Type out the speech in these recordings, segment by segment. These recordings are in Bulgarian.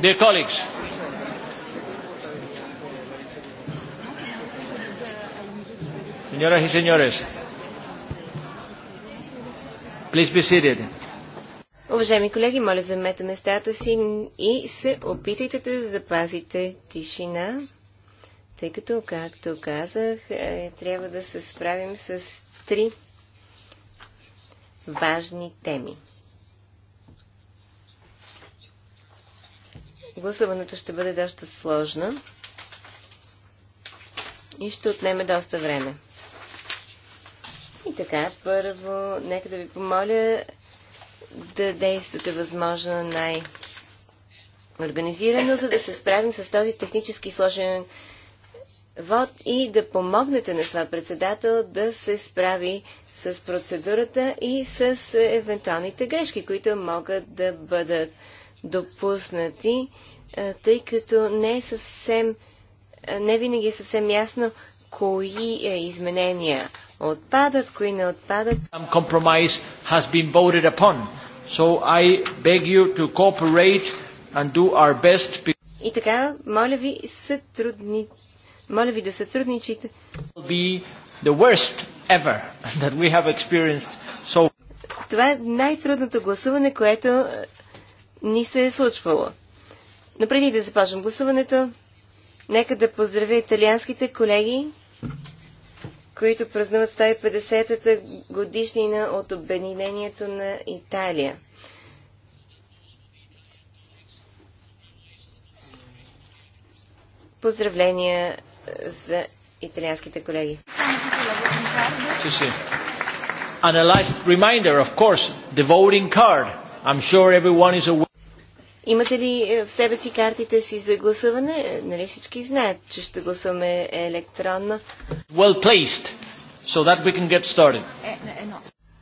Dear colleagues, señoras y señores, please be seated. Уважаеми колеги, моля мета местата си и се опитайте да запазите тишина, тъй като, както казах, е, трябва да се справим с три важни теми. Гласуването ще бъде доста сложно и ще отнеме доста време. И така, първо, нека да ви помоля да действате възможно най- организирано, за да се справим с този технически сложен вод и да помогнете на своя председател да се справи с процедурата и с евентуалните грешки, които могат да бъдат допуснати тъй като не е съвсем, не винаги е съвсем ясно кои е изменения отпадат, кои не отпадат. Compromise has been voted upon. So I beg you to cooperate and do our best. И така, моля ви, сътрудни... моля ви да сътрудничите. Be the worst ever that we have experienced so... Това е най-трудното гласуване, което ни се е случвало. Но преди да започнем гласуването, нека да поздравя италианските колеги, които празнуват 150-та годишнина от обединението на Италия. Поздравления за италианските колеги. And a last reminder, of course, the voting card. I'm sure everyone is aware. Имате ли е, в себе си картите си за гласуване? Е, нали всички знаят, че ще гласуваме електронно. Well placed, so that we can get started. Е,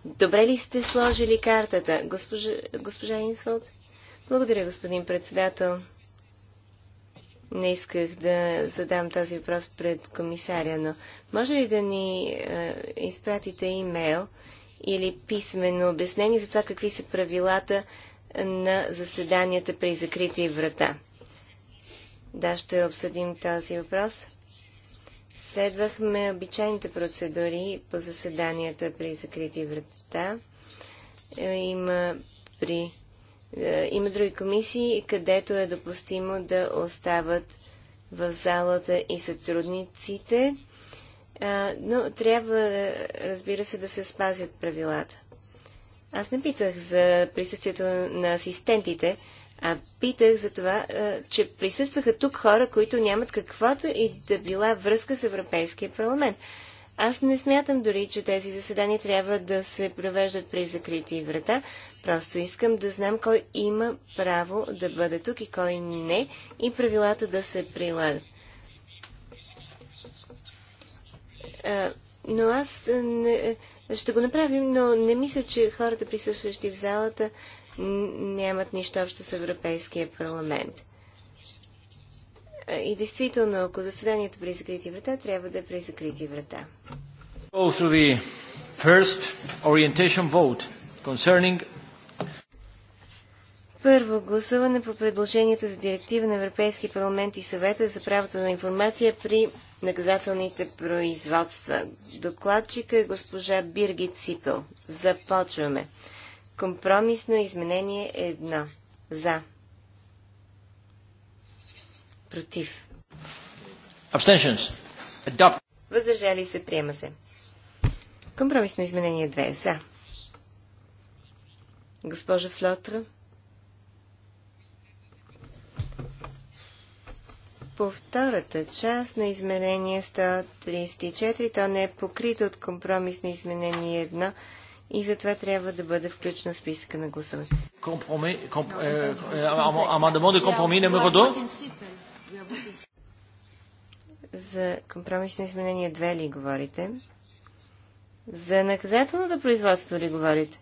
Добре ли сте сложили картата, госпожа, госпожа Инфилд? Благодаря, господин председател. Не исках да задам този въпрос пред комисаря, но може ли да ни е, изпратите имейл или писмено обяснение за това какви са правилата на заседанията при закрити врата. Да, ще обсъдим този въпрос. Следвахме обичайните процедури по заседанията при закрити врата. Е, има, при, е, има други комисии, където е допустимо да остават в залата и сътрудниците, но трябва, разбира се, да се спазят правилата. Аз не питах за присъствието на асистентите, а питах за това, че присъстваха тук хора, които нямат каквато и да била връзка с Европейския парламент. Аз не смятам дори, че тези заседания трябва да се провеждат при закрити врата. Просто искам да знам кой има право да бъде тук и кой не и правилата да се прилагат. Но аз не, ще го направим, но не мисля, че хората присъстващи в залата нямат нищо общо с Европейския парламент. И действително, ако заседанието при закрити врата, трябва да е при закрити врата. Първо гласуване по предложението за директива на Европейски парламент и съвета за правото на информация при наказателните производства. Докладчика е госпожа Биргит Сипел. Започваме. Компромисно изменение е едно. За. Против. Abstentions. Adopt. Въздържали се, приема се. Компромисно изменение 2. За. Госпожа Флотра. По втората част на изменение 134 то не е покрито от компромисно изменение 1 и затова трябва да бъде включено в списъка на гласуване. Амандамон де компромис номер 2? За компромисно изменение 2 ли говорите? За наказателното производство ли говорите?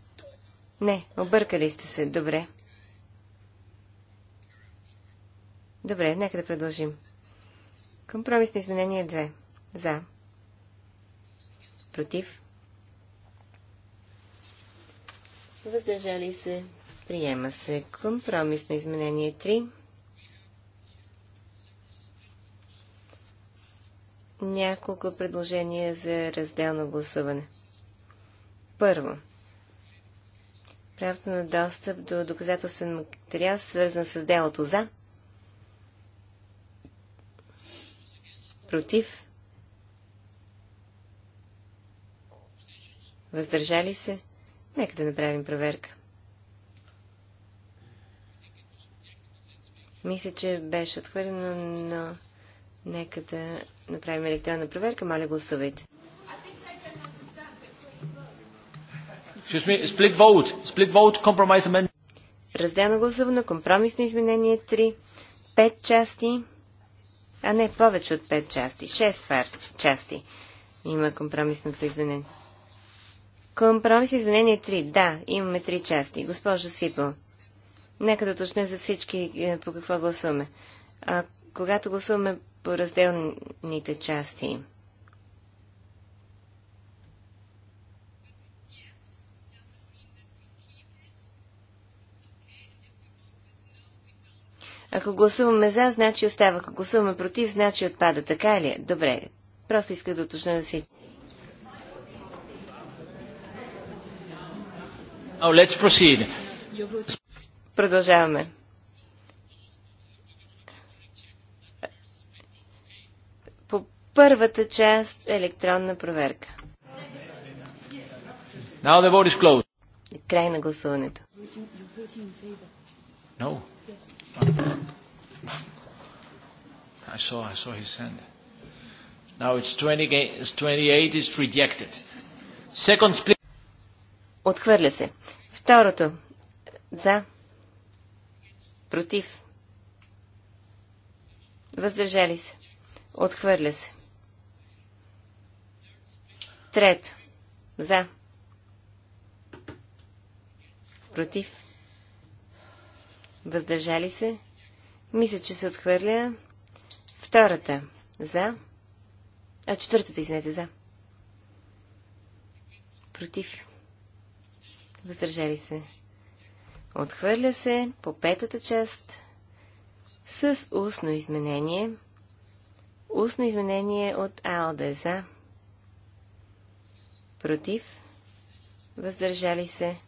Не, объркали сте се. Добре. Добре, нека да продължим. Компромисно изменение 2. За. Против. Въздържали се. Приема се. Компромисно изменение 3. Няколко предложения за разделно гласуване. Първо. Правото на достъп до доказателствен материал, свързан с делото за. Против? Въздържали се? Нека да направим проверка. Мисля, че беше отхвърлено, но нека да направим електронна проверка. Моля, гласувайте. Split vote. Split vote Разделно гласуване, компромисно изменение 3, 5 части а не повече от 5 части, 6 пар части. Има компромисното извинение. Компромис извинение 3. Да, имаме 3 части. Госпожо Сипъл, нека да точне за всички е, по какво гласуваме. А, когато гласуваме по разделните части, Ако гласуваме за, значи остава. Ако гласуваме против, значи отпада. Така ли е? Добре. Просто исках да уточня да си. Oh, Продължаваме. По първата част електронна проверка. Now the vote is closed. Край на гласуването. No. I saw, I saw his hand. Now it's 20, 28, is rejected. Second split. Отхвърля се. Второто. За. Против. Въздържали се. Отхвърля се. Трето. За. Против. Въздържали се? Мисля, че се отхвърля. Втората. За. А, четвъртата, извинете, за. Против. Въздържали се. Отхвърля се по петата част с устно изменение. Устно изменение от Алде за. Против. Въздържали се.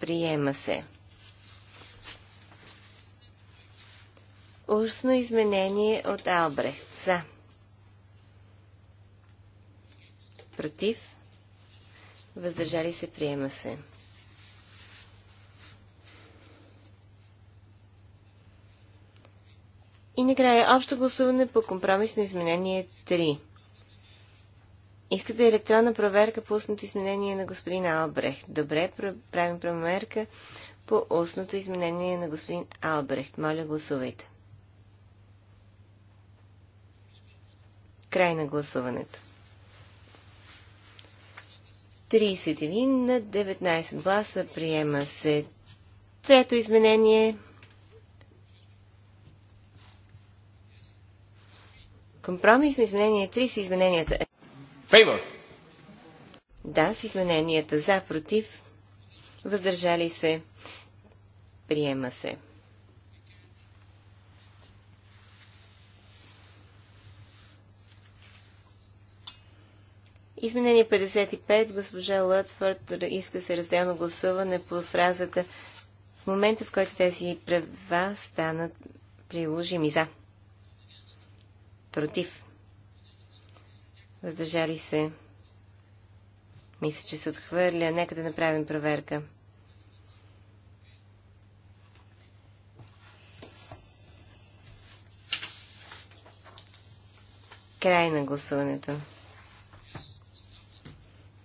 Приема се. Устно изменение от Албрехт. За. Против. Въздържали се. Приема се. И накрая общо гласуване по компромисно изменение 3. Искате електронна проверка по устното изменение на господин Албрехт. Добре, правим проверка по устното изменение на господин Албрехт. Моля, гласувайте. Край на гласуването. 31 на 19 гласа приема се. Трето изменение. Компромисно изменение 3 с измененията. Фейвор. Да, с измененията за, против, въздържали се, приема се. Изменение 55. Госпожа Лътфорд иска се разделно гласуване по фразата в момента, в който тези права станат приложими за. Против. Въздържали се. Мисля, че се отхвърля. Нека да направим проверка. Край на гласуването.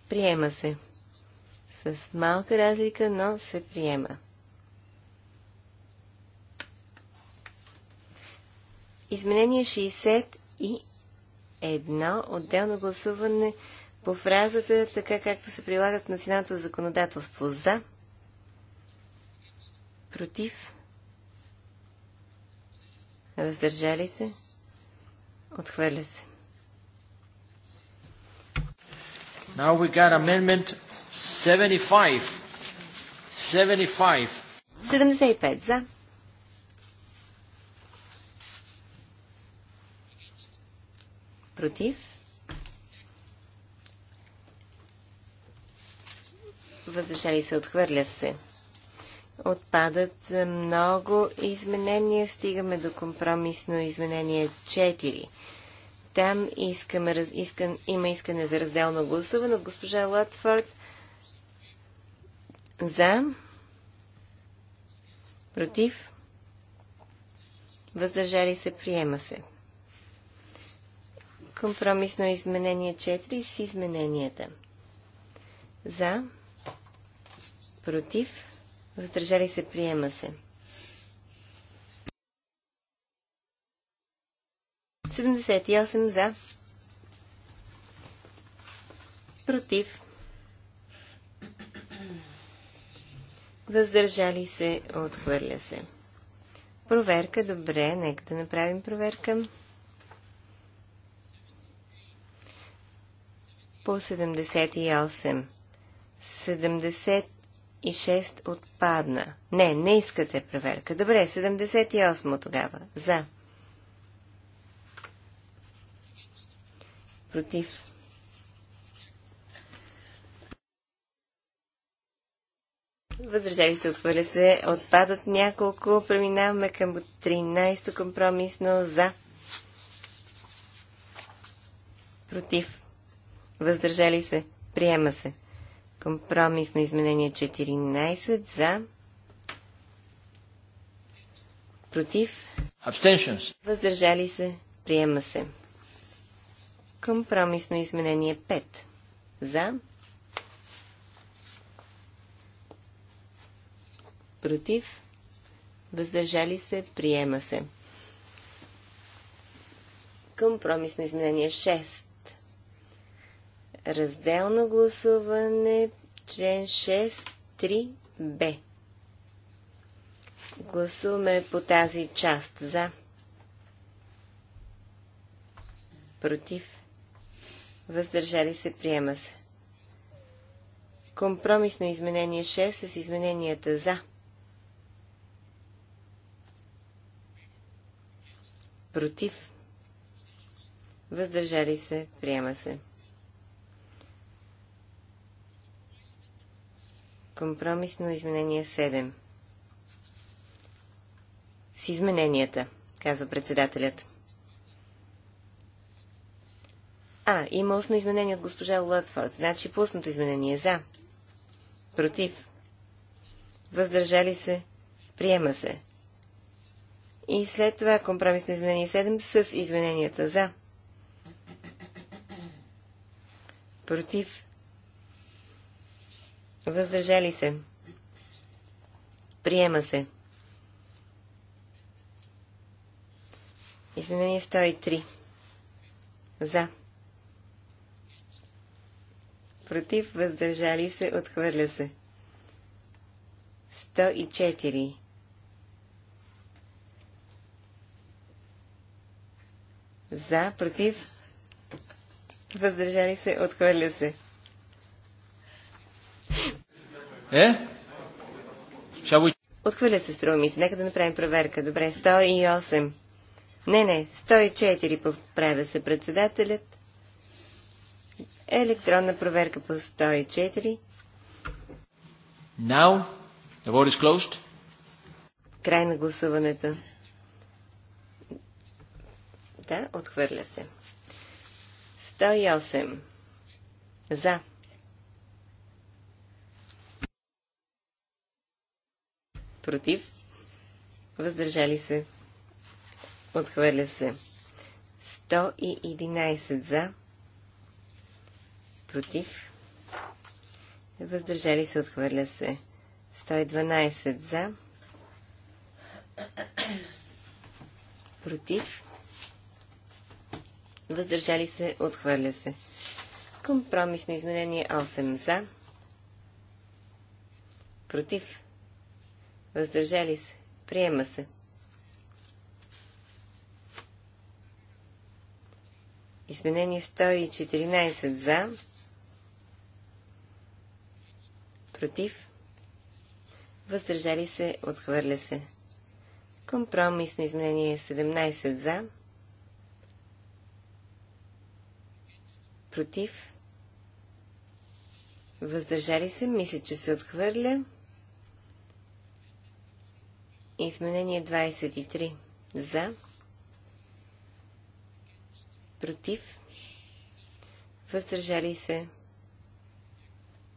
Приема се. С малка разлика, но се приема. Изменение 60 и едно отделно гласуване по фразата, така както се прилагат в националното законодателство. За, против, въздържали се, отхвърля се. Now we got amendment 75. 75. 75 за. Против. Въздържали се, отхвърля се. Отпадат много изменения. Стигаме до компромисно изменение 4. Там искаме, искан, има искане за разделно гласуване от госпожа Латфорд. За. Против. Въздържали се. Приема се. Компромисно изменение 4 с измененията. За. Против. Въздържали се. Приема се. 78 за. Против. Въздържали се, отхвърля се. Проверка, добре, нека да направим проверка. По 78. 76 отпадна. Не, не искате проверка. Добре, 78 тогава. За. против. Въздържали се, отхвърля се, отпадат няколко. Преминаваме към 13-то компромисно за. Против. Въздържали се, приема се. Компромисно изменение 14 за. Против. Abstentions. Въздържали се, приема се. Компромисно изменение 5. За. Против. Въздържали се. Приема се. Компромисно изменение 6. Разделно гласуване. Член 6. 3b. Гласуваме по тази част за. Против въздържали се, приема се. Компромисно изменение 6 с измененията за. Против. Въздържали се, приема се. Компромисно изменение 7. С измененията, казва председателят. А, има устно изменение от госпожа Лътфорд. Значи по устното изменение за. Против. Въздържали се. Приема се. И след това компромисно изменение 7 с измененията за. Против. Въздържали се. Приема се. Изменение 103. За против, въздържали се, отхвърля се. 104. За, против, въздържали се, отхвърля се. Е? Отхвърля се, струва ми се. Нека да направим проверка. Добре, 108. Не, не, 104 поправя се председателят. Електронна проверка по 104. Now, the vote is closed. Край на гласуването. Да, отхвърля се. 108. За. Против. Въздържали се. Отхвърля се. 111 за против, въздържали се, отхвърля се. 112 за, против, въздържали се, отхвърля се. Компромисно изменение 8 за, против, въздържали се, приема се. Изменение 114 за, против, въздържали се, отхвърля се. Компромисно изменение 17 за, против, въздържали се, мисля, че се отхвърля. Изменение 23 за, против, въздържали се,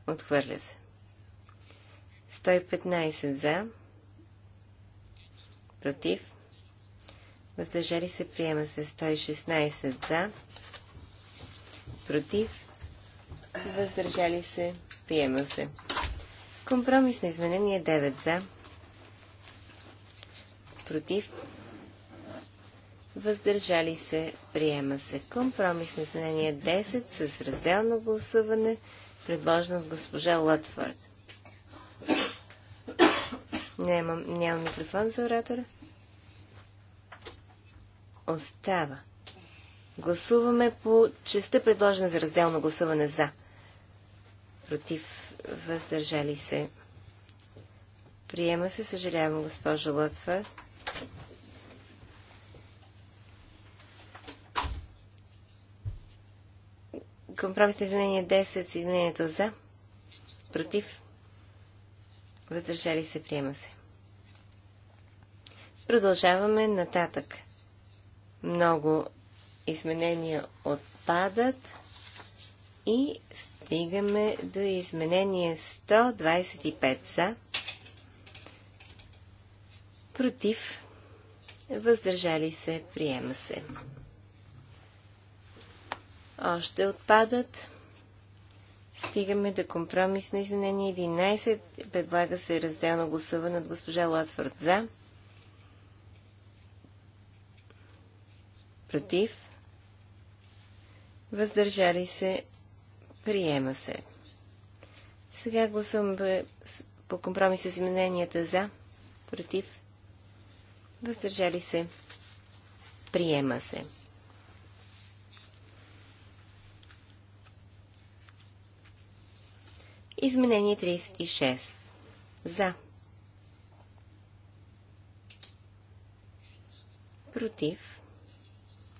отхвърля се. 115 за, против, въздържали се, приема се 116 за, против, въздържали се, приема се. Компромисно изменение 9 за, против, въздържали се, приема се. Компромисно изменение 10 с разделно гласуване, предложено от госпожа Лътфорд. Няма, няма микрофон за оратора. Остава. Гласуваме по частта предложена за разделно гласуване за. Против въздържали се. Приема се, съжалявам, госпожо Лътва. Компромисно изменение 10 с изменението за. Против въздържали се, приема се. Продължаваме нататък. Много изменения отпадат и стигаме до изменение 125 са против, въздържали се, приема се. Още отпадат Стигаме до компромисно изменение 11. Предлага се разделно гласуване от госпожа Лотфорд за. Против. Въздържали се. Приема се. Сега гласуваме по компромис с измененията за. Против. Въздържали се. Приема се. Изменение 36. За. Против.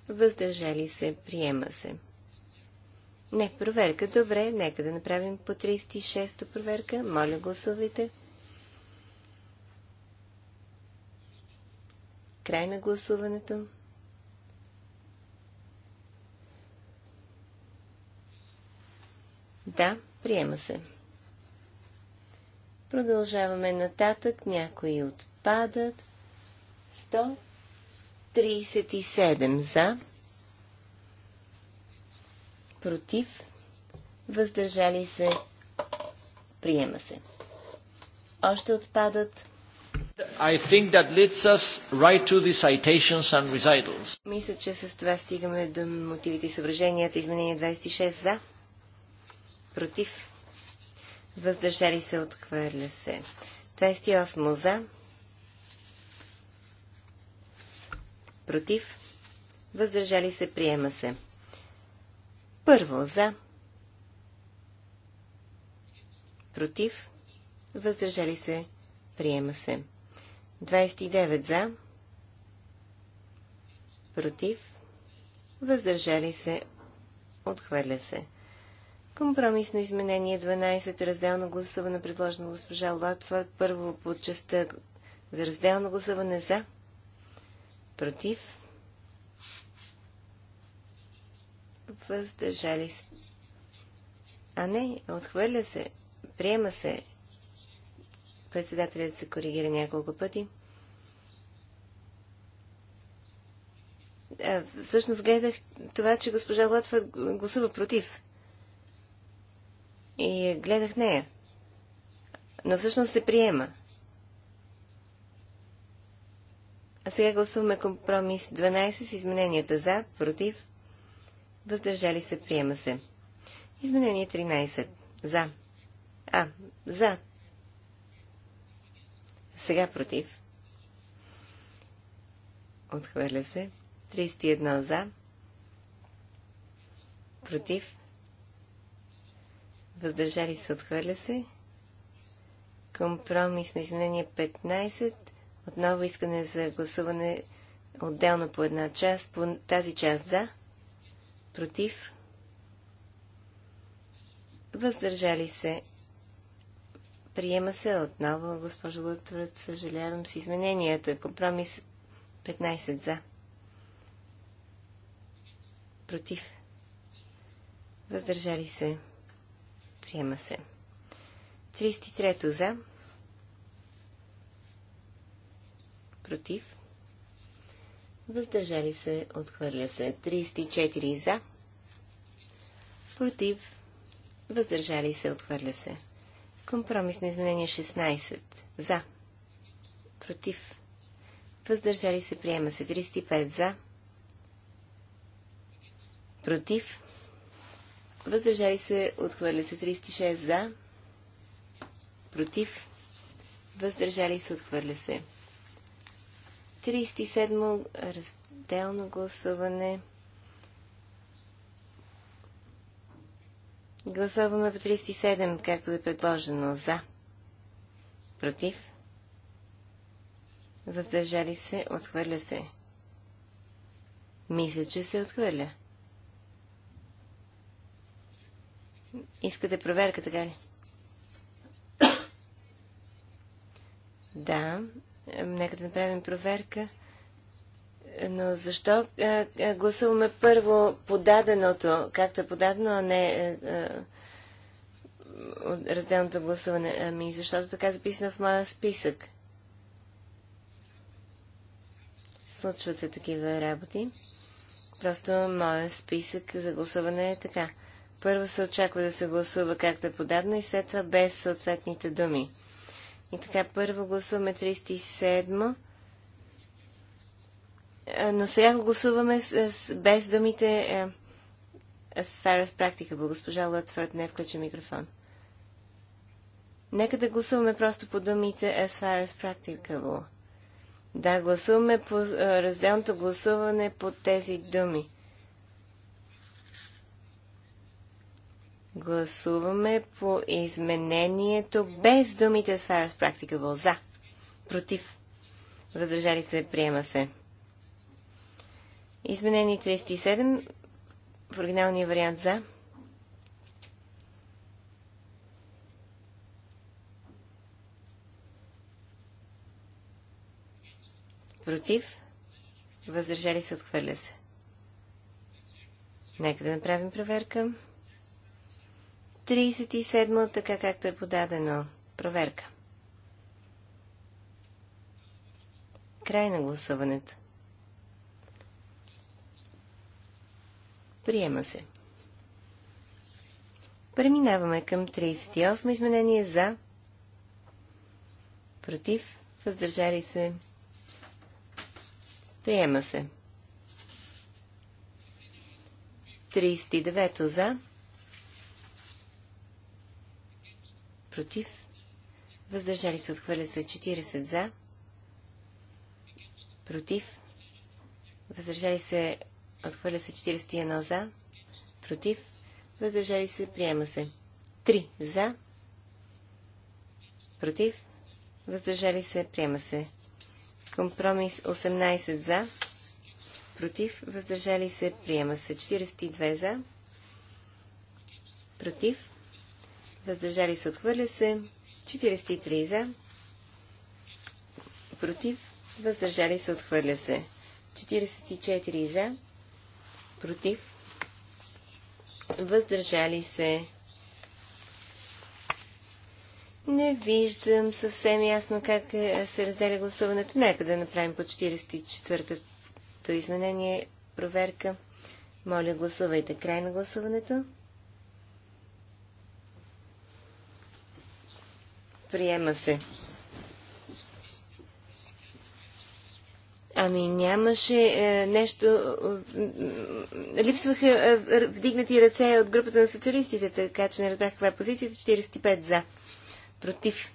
Въздържали се. Приема се. Не, проверка. Добре, нека да направим по 36-то проверка. Моля, гласувайте. Край на гласуването. Да, приема се. Продължаваме нататък. Някои отпадат. 137 за. Против. Въздържали се. Приема се. Още отпадат. I think that leads us right to the citations and recitals. Мисля, че с това стигаме до мотивите и съображенията. Изменение 26 за. Против въздържали се, отхвърля се. 28 за, против, въздържали се, приема се. Първо за, против, въздържали се, приема се. 29 за, против, въздържали се, отхвърля се. Компромисно изменение 12, разделно гласуване, предложено госпожа Латва. Първо по частта за разделно гласуване за, против, въздържали се. А не, отхвърля се, приема се. Председателят се коригира няколко пъти. А, всъщност гледах това, че госпожа Латвард гласува против и гледах нея. Но всъщност се приема. А сега гласуваме компромис 12 с измененията за, против, въздържали се, приема се. Изменение 13. За. А, за. Сега против. Отхвърля се. 31 за. Против въздържали се, отхвърля се. Компромис на изменение 15, отново искане за гласуване отделно по една част, по тази част за, против, въздържали се. Приема се отново, госпожо Лътвърт, съжалявам с измененията. Компромис 15 за. Против. Въздържали се. Приема се. 33-то за. Против. Въздържали се. Отхвърля се. 34 за. Против. Въздържали се. Отхвърля се. Компромисно изменение 16. За. Против. Въздържали се. Приема се. 35 за. Против. Въздържали се, отхвърля се 36 за. Против. Въздържали се, отхвърля се. 37 разделно гласуване. Гласуваме по 37, както е предложено. За. Против. Въздържали се, отхвърля се. Мисля, че се отхвърля. Искате проверка, така ли? да, нека да направим проверка. Но защо гласуваме първо подаденото, както е подадено, а не разделното гласуване? Ами, защото така е записано в моя списък. Случват се такива работи. Просто моя списък за гласуване е така. Първо се очаква да се гласува както е подадено и след това без съответните думи. И така, първо гласуваме 37 е, но сега го гласуваме с, с, без думите е, as far as practicable. Госпожа Лътфорд не включи микрофон. Нека да гласуваме просто по думите as far as practicable. Да, гласуваме по е, разделното гласуване по тези думи. Гласуваме по изменението без думите as far as practicable. За. Против. Въздържали се. Приема се. Изменение 37 в оригиналния вариант за. Против. Въздържали се. Отхвърля се. Нека да направим проверка. 37, така както е подадено. Проверка. Край на гласуването. Приема се. Преминаваме към 38 изменение за, против, въздържали се. Приема се. 39 за, против, въздържали се, отхвърля се 40 за, против, въздържали се, отхвърля се 41 за, против, въздържали се, приема се 3 за, против, въздържали се, приема се. Компромис 18 за, против, въздържали се, приема се 42 за, против, въздържали се, отхвърля се. 43 за, против, въздържали се, отхвърля се. 44 за, против, въздържали се. Не виждам съвсем ясно как е, се разделя гласуването. Нека да направим по 44-то изменение проверка. Моля, гласувайте край на гласуването. Приема се. Ами нямаше е, нещо. Е, липсваха е, е, вдигнати ръце от групата на социалистите, така че не разбрах каква е позицията. 45 за. Против.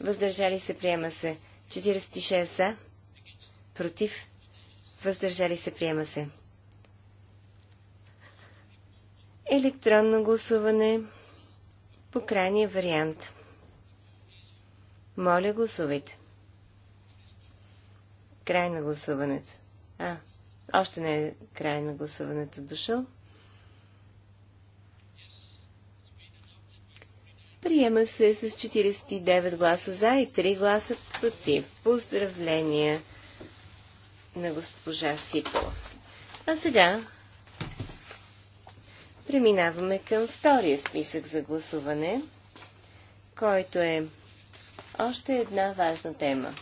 Въздържали се. Приема се. 46 за. Против. Въздържали се. Приема се. Електронно гласуване по крайния вариант. Моля, гласувайте. Край на гласуването. А, още не е край на гласуването дошъл. Приема се с 49 гласа за и 3 гласа против. Поздравления на госпожа Сипова. А сега преминаваме към втория списък за гласуване, който е още една важна тема.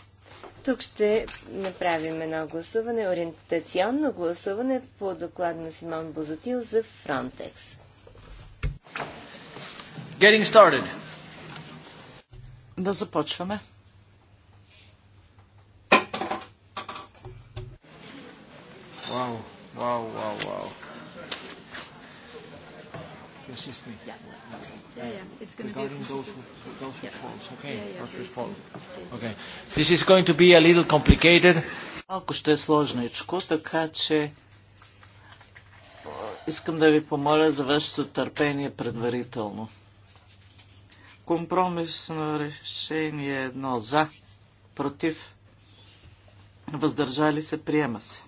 Тук ще направим едно гласуване, ориентационно гласуване по доклад на Симон Бозотил за Frontex. Getting started. Да започваме. Вау, вау, вау, вау assist me. Yeah. Yeah, yeah. It's going to be going to be a little complicated. Малко ще е сложничко, така че искам да ви помоля за вашето търпение предварително. Компромисно решение е едно за, против, въздържали се, приема се.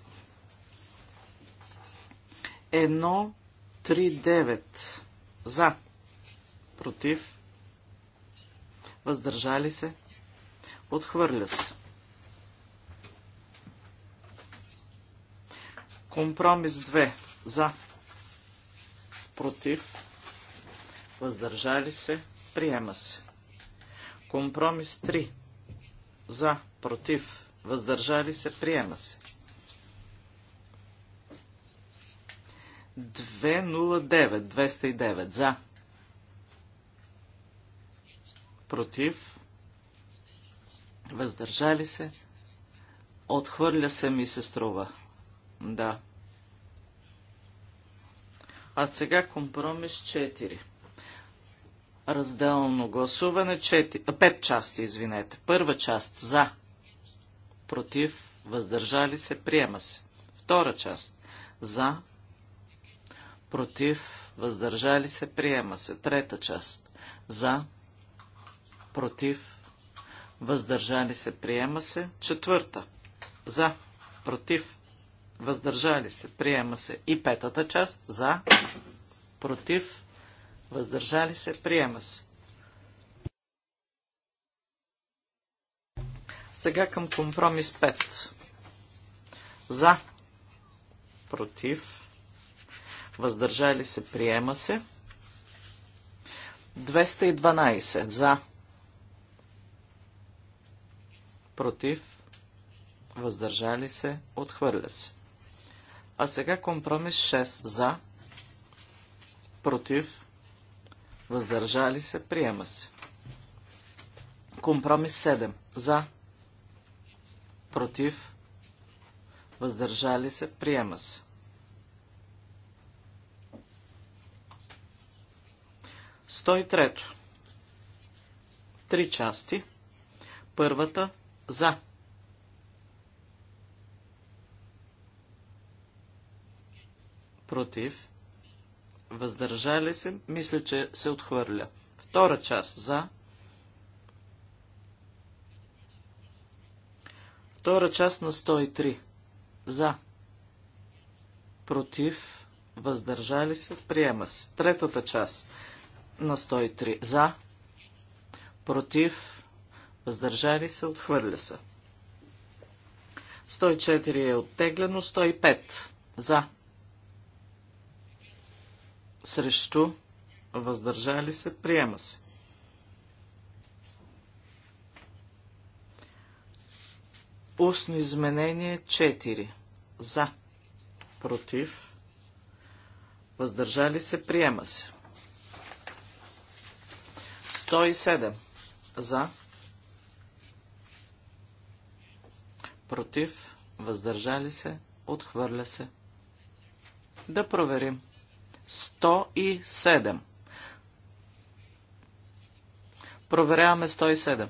Едно, три, девет. За. Против. Въздържали се. Отхвърля се. Компромис 2. За. Против. Въздържали се. Приема се. Компромис 3. За. Против. Въздържали се. Приема се. 209, 209 за. Против. Въздържали се. Отхвърля се ми се струва. Да. А сега компромис 4. Разделно гласуване 4, 5 части, извинете. Първа част за. Против. Въздържали се. Приема се. Втора част за против, въздържали се, приема се. Трета част. За, против, въздържали се, приема се. Четвърта. За, против, въздържали се, приема се. И петата част. За, против, въздържали се, приема се. Сега към компромис 5. За, против, въздържали се, приема се. 212 за, против, въздържали се, отхвърля се. А сега компромис 6 за, против, въздържали се, приема се. Компромис 7 за, против, въздържали се, приема се. 103. Три части. Първата за. Против. Въздържали се. Мисля, че се отхвърля. Втора част за. Втора част на 103. За. Против. Въздържали се. Приема се. Третата част на 103. За, против, въздържали се, отхвърля се. 104 е оттеглено, 105 за, срещу, въздържали се, приема се. Устно изменение 4 за, против, въздържали се, приема се. 107 за, против, въздържали се, отхвърля се. Да проверим. 107. Проверяваме 107.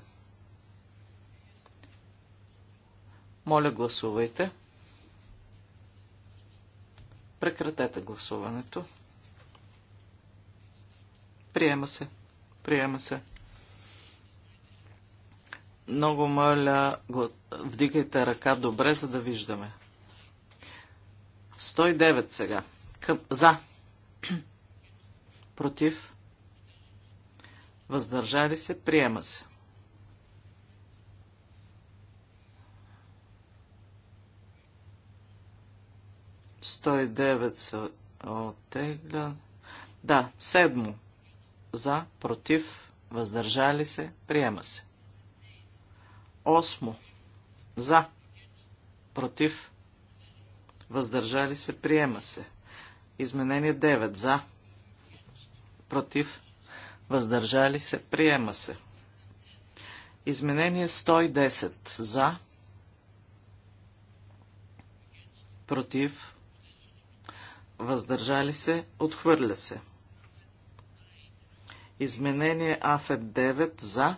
Моля, гласувайте. Прекратете гласуването. Приема се. Приема се. Много моля, вдигайте ръка добре, за да виждаме. 109 сега. Къп, за. Против. Въздържали се. Приема се. Сто и девет са отегля. Да, седмо. За, против, въздържали се, приема се. Осмо. За, против, въздържали се, приема се. Изменение 9. За, против, въздържали се, приема се. Изменение 110. За, против, въздържали се, отхвърля се. Изменение АФЕД 9 за.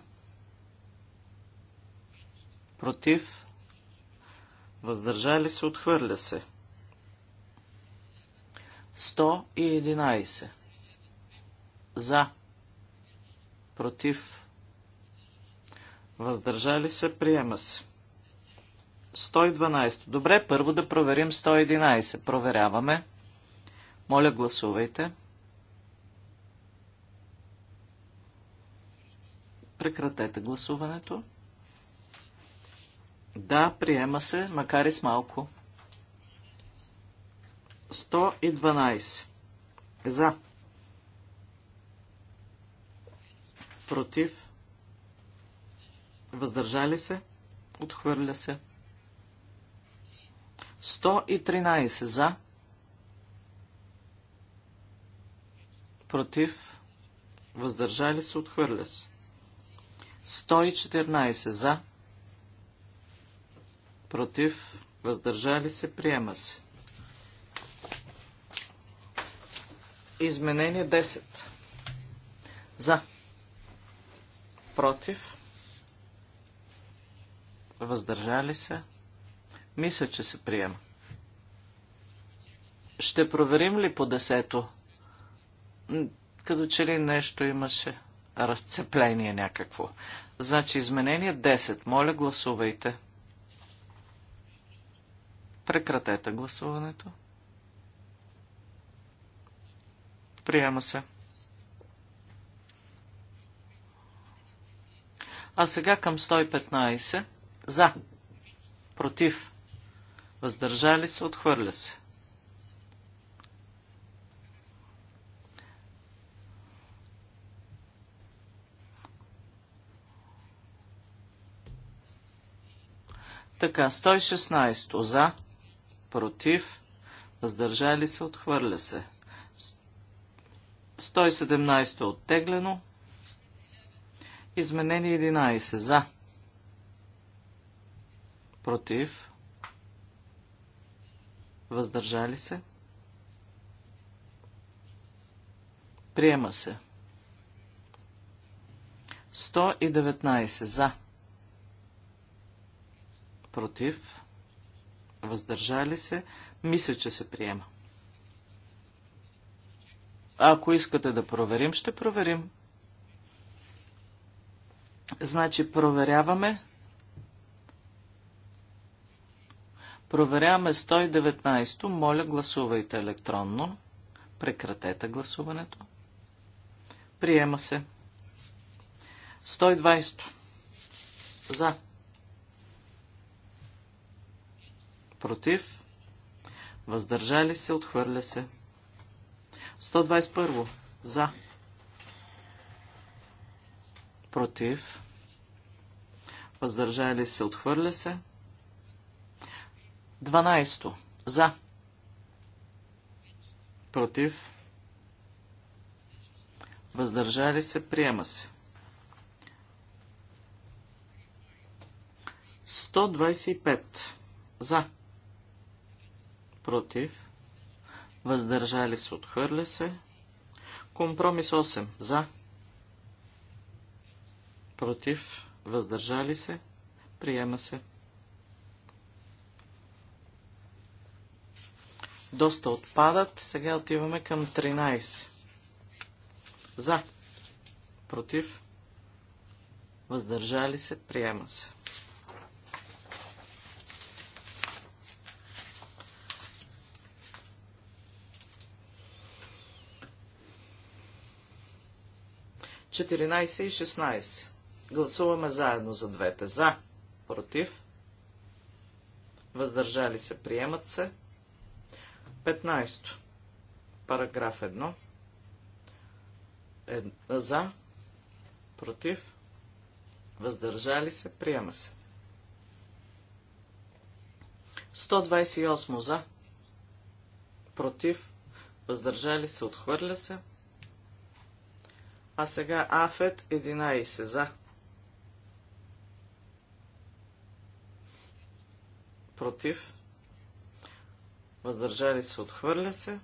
Против. Въздържали се, отхвърля се. 111. За. Против. Въздържали се, приема се. 112. Добре, първо да проверим 111. Проверяваме. Моля, гласувайте. 111. Прекратете гласуването. Да, приема се, макар и с малко. 112. За. Против. Въздържали се. Отхвърля се. 113. За. Против. Въздържали се. Отхвърля се. 114 за, против, въздържали се, приема се. Изменение 10. За. Против. Въздържали се. Мисля, че се приема. Ще проверим ли по десето? Като че ли нещо имаше? разцепление някакво. Значи изменение 10. Моля, гласувайте. Прекратете гласуването. Приема се. А сега към 115. За. Против. Въздържали се. Отхвърля се. Така, 116 за, против, въздържали се, отхвърля се. 117 оттеглено. Изменени 11 за, против, въздържали се. Приема се. 119 за против, въздържали се, мисля, че се приема. А ако искате да проверим, ще проверим. Значи проверяваме. Проверяваме 119. Моля, гласувайте електронно. Прекратете гласуването. Приема се. 120. За. против, въздържали се, отхвърля се. 121. За. Против. Въздържали се, отхвърля се. 12. За. Против. Въздържали се, приема се. 125. За против, въздържали се, отхвърля се. Компромис 8 за, против, въздържали се, приема се. Доста отпадат. Сега отиваме към 13. За. Против. Въздържали се. Приема се. 14 и 16. Гласуваме заедно за двете. За, против, въздържали се, приемат се. 15. Параграф 1. Ед... за, против, въздържали се, приема се. 128 за, против, въздържали се, отхвърля се. 129 а сега Афет 11 за. Против. Въздържали се, отхвърля се.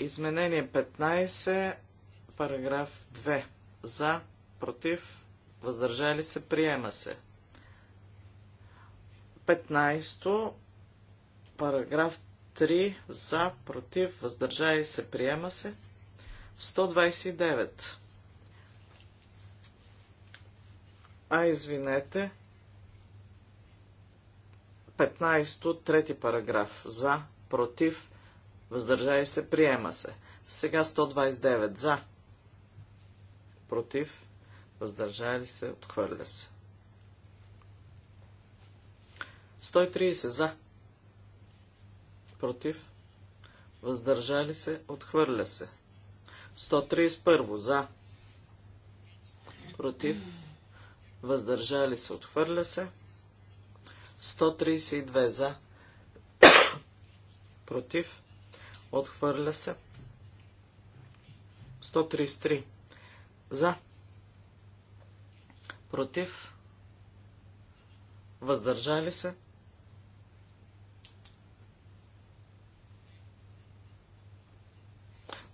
Изменение 15, параграф 2. За, против, въздържали се, приема се. 15, параграф 3 за, против, въздържали се, приема се. 129. А, извинете. 15, то трети параграф. За, против, въздържали се, приема се. Сега 129. За, против, въздържали се, отхвърля се. 130 за, против, въздържали се, отхвърля се. 131 за, против, въздържали се, отхвърля се. 132 за, против, отхвърля се. 133 за, против, въздържали се,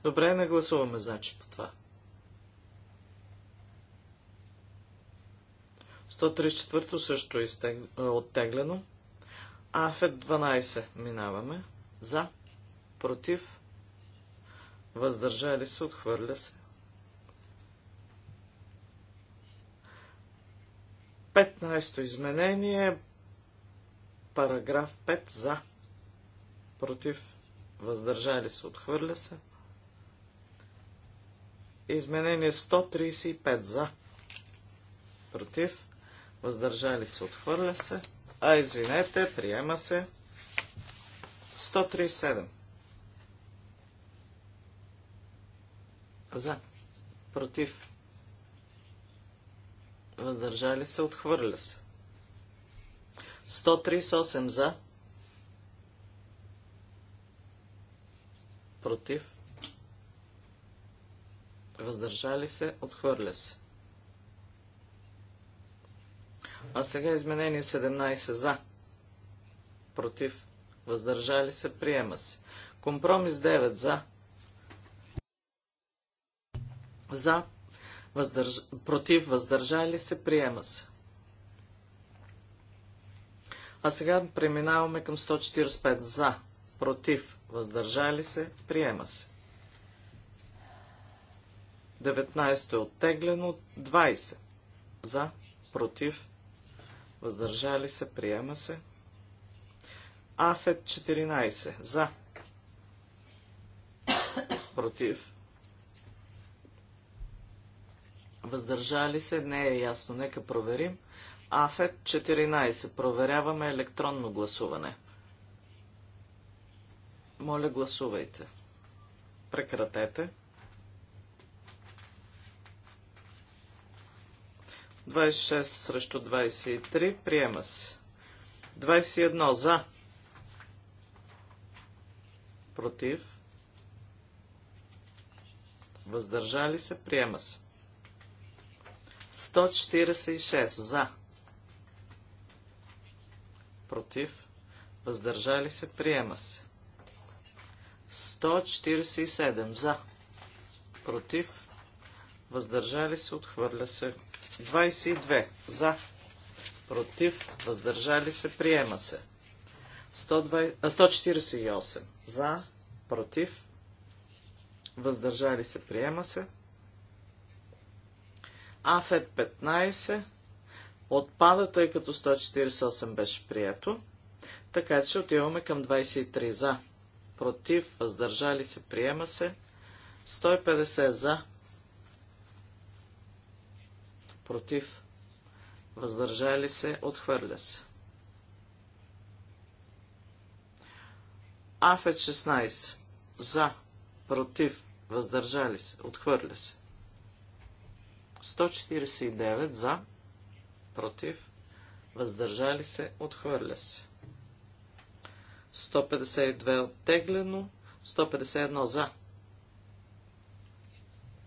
Добре, не гласуваме, значи, по това. 134 също е изтег... Е, оттеглено. Афет 12 минаваме. За, против, въздържали се, отхвърля се. 15 изменение, параграф 5 за, против, въздържали се, отхвърля се. 16 Изменение 135 за. Против. Въздържали се. Отхвърля се. А, извинете, приема се. 137. За. Против. Въздържали се. Отхвърля се. 138 за. Против въздържали се, отхвърля се. А сега изменение 17 за, против, въздържали се, приема се. Компромис 9 за, за, въздърж... против, въздържали се, приема се. А сега преминаваме към 145 за, против, въздържали се, приема се. 19 е оттеглено. 20 за, против, въздържали се, приема се. Афет 14 за, против, въздържали се, не е ясно, нека проверим. Афет 14. Проверяваме електронно гласуване. Моля, гласувайте. Прекратете. 26 срещу 23. Приема се. 21 за. Против. Въздържали се. Приема се. 146 за. Против. Въздържали се. Приема се. 147 за. Против. Въздържали се. Отхвърля се. 22. За. Против. Въздържали се. Приема се. 120, 148. За. Против. Въздържали се. Приема се. Афет 15 отпада, тъй като 148 беше прието. Така че отиваме към 23 за. Против. Въздържали се. Приема се. 150 за против, въздържали се, отхвърля се. Афет 16. За, против, въздържали се, отхвърля се. 149 за, против, въздържали се, отхвърля се. 152 оттеглено, 151 за,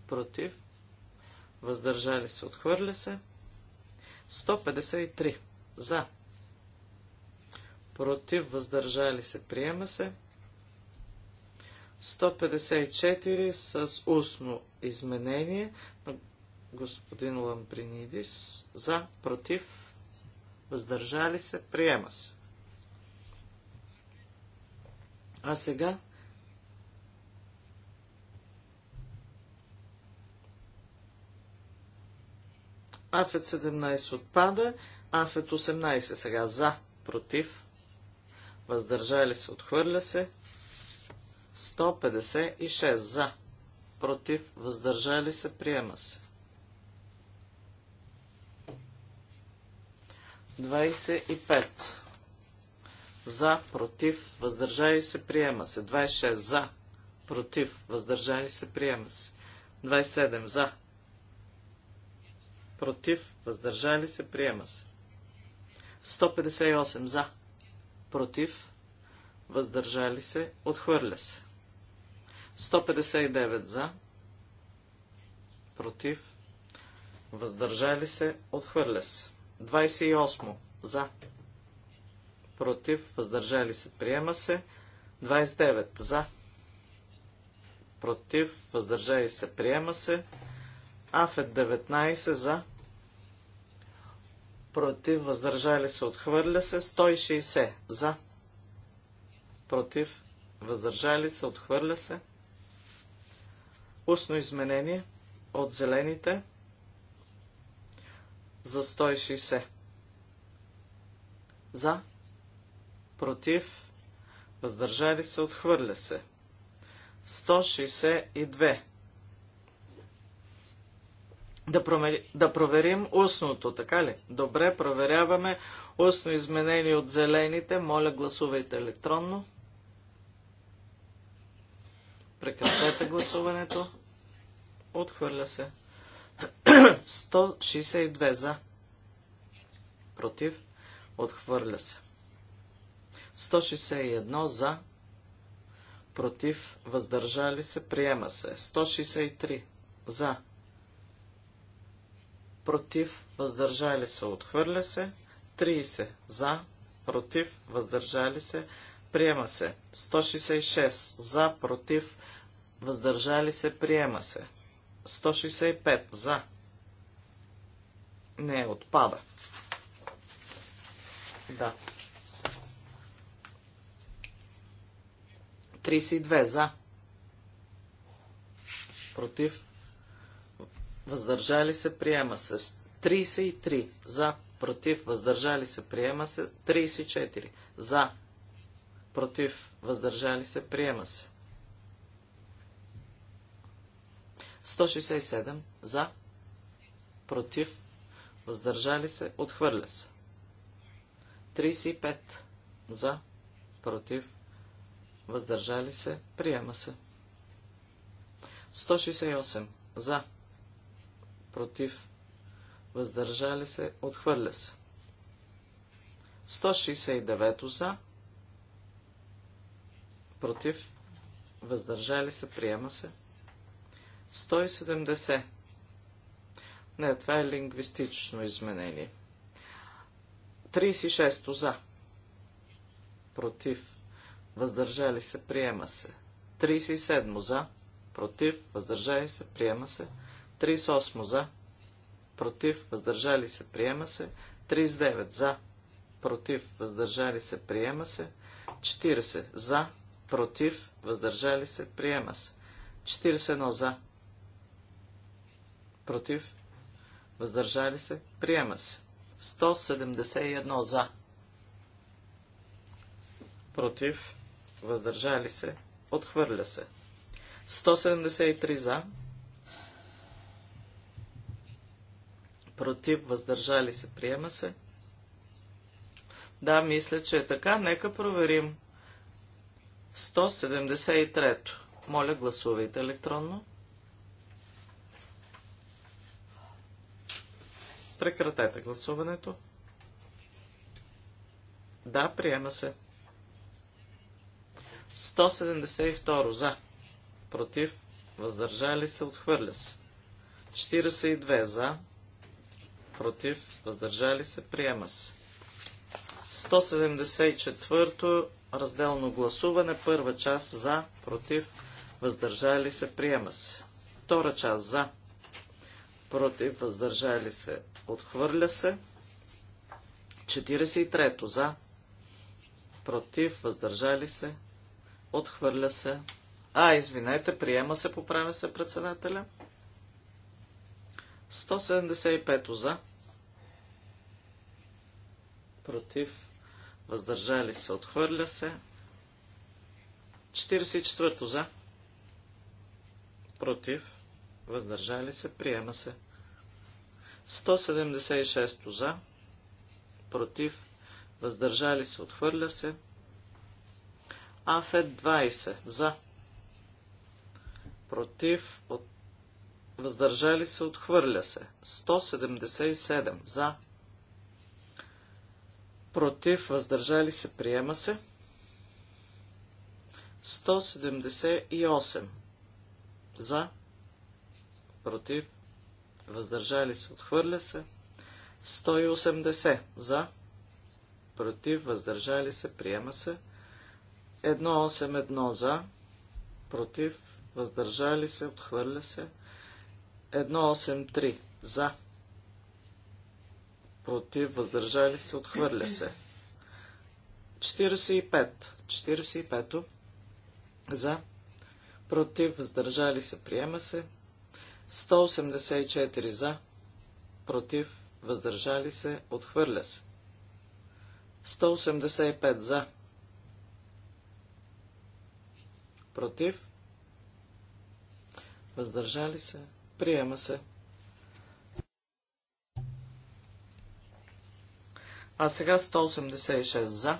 против, въздържали се, отхвърля се. 153 за, против, въздържали се, приема се. 154 с устно изменение на господин Ламбринидис. За, против, въздържали се, приема се. А сега Афет 17 отпада. Афет 18 сега за, против. Въздържали се, отхвърля се. 156 за, против, въздържали се, приема се. 25 за, против, въздържали се, приема се. 26 за, против, въздържали се, приема се. 27 за, против, въздържали се, приема се. 158 за, против, въздържали се, отхвърля се. 159 за, против, въздържали се, отхвърля се. 28 за, против, въздържали се, приема се. 29 за, против, въздържали се, приема се. Афет 19 за. Против. Въздържали се. Отхвърля се. 160 за. Против. Въздържали се. Отхвърля се. Устно изменение от зелените за 160. За. Против. Въздържали се. Отхвърля се. 162 да, промери, да проверим устното, така ли? Добре, проверяваме. Устно изменение от зелените. Моля, гласувайте електронно. Прекратете гласуването. Отхвърля се. 162 за. Против. Отхвърля се. 161 за. Против. Въздържали се. Приема се. 163 за против, въздържали се, отхвърля се. 30 за, против, въздържали се, приема се. 166 за, против, въздържали се, приема се. 165 за. Не, отпада. Да. 32 за. Против въздържали се, приема се. 33 за, против, въздържали се, приема се. 34 за, против, въздържали се, приема се. 167 за, против, въздържали се, отхвърля се. 35 за, против, въздържали се, приема се. 168 за, против, въздържали се, отхвърля се. 169 за, против, въздържали се, приема се. 170. Не, това е лингвистично изменение. 36 за, против, въздържали се, приема се. 37 за, против, въздържали се, приема се. 38 за, против, въздържали се, приема се. 39 за, против, въздържали се, приема се. 40 за, против, въздържали се, приема се. 41 за, против, въздържали се, приема се. 171 за, против, въздържали се, отхвърля се. 173 за, против, въздържали се, приема се. Да, мисля, че е така. Нека проверим. 173. Моля, гласувайте електронно. Прекратете гласуването. Да, приема се. 172 за. Против. Въздържали се. Отхвърля се. 42 за против, въздържали се, приема се. 174-то разделно гласуване, първа част за, против, въздържали се, приема се. Втора част за, против, въздържали се, отхвърля се. 43-то за, против, въздържали се, отхвърля се. А, извинете, приема се, поправя се председателя. 175 за. Против. Въздържали се. Отхвърля се. 44 за. Против. Въздържали се. Приема се. 176 за. Против. Въздържали се. Отхвърля се. Афет 20 за. Против. От въздържали се, отхвърля се. 177 за, против, въздържали се, приема се. 178 за, против, въздържали се, отхвърля се. 180 за, против, въздържали се, приема се. 181 за, против, въздържали се, отхвърля се. 183 за. Против, въздържали се, отхвърля се. 45. 45 за. Против, въздържали се, приема се. 184 за. Против, въздържали се, отхвърля се. 185 за. Против, въздържали се, Приема се. А сега 186 за.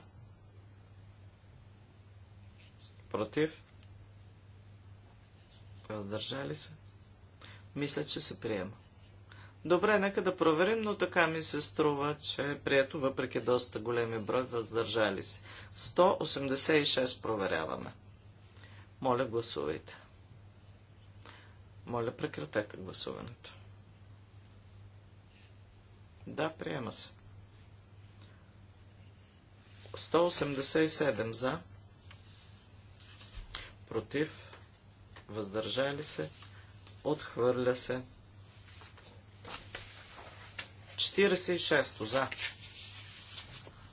Против. Въздържали се. Мисля, че се приема. Добре, нека да проверим, но така ми се струва, че е прието, въпреки доста големи брой, въздържали се. 186 проверяваме. Моля, гласувайте. Моля, прекратете гласуването. Да, приема се. 187 за, против, въздържали се, отхвърля се. 46 за,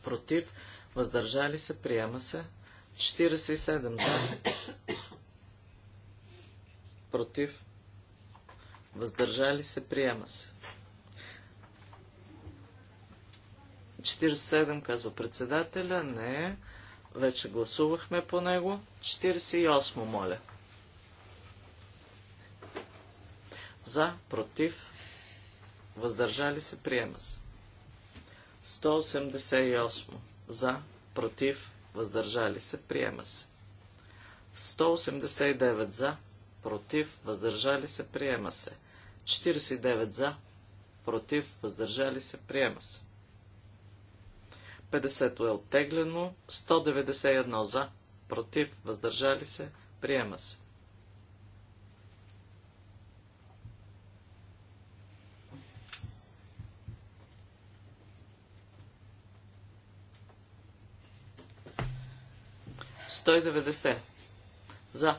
против, въздържали се, приема се. 47 за, против, въздържали се, приема се. 47, казва председателя, не, вече гласувахме по него. 48, моля. За, против, въздържали се, приема се. 188. За, против, въздържали се, приема се. 189. За, против, въздържали се, приема се. 49 за, против, въздържали се, приема се. 50 е оттеглено, 191 за, против, въздържали се, приема се. Сто за,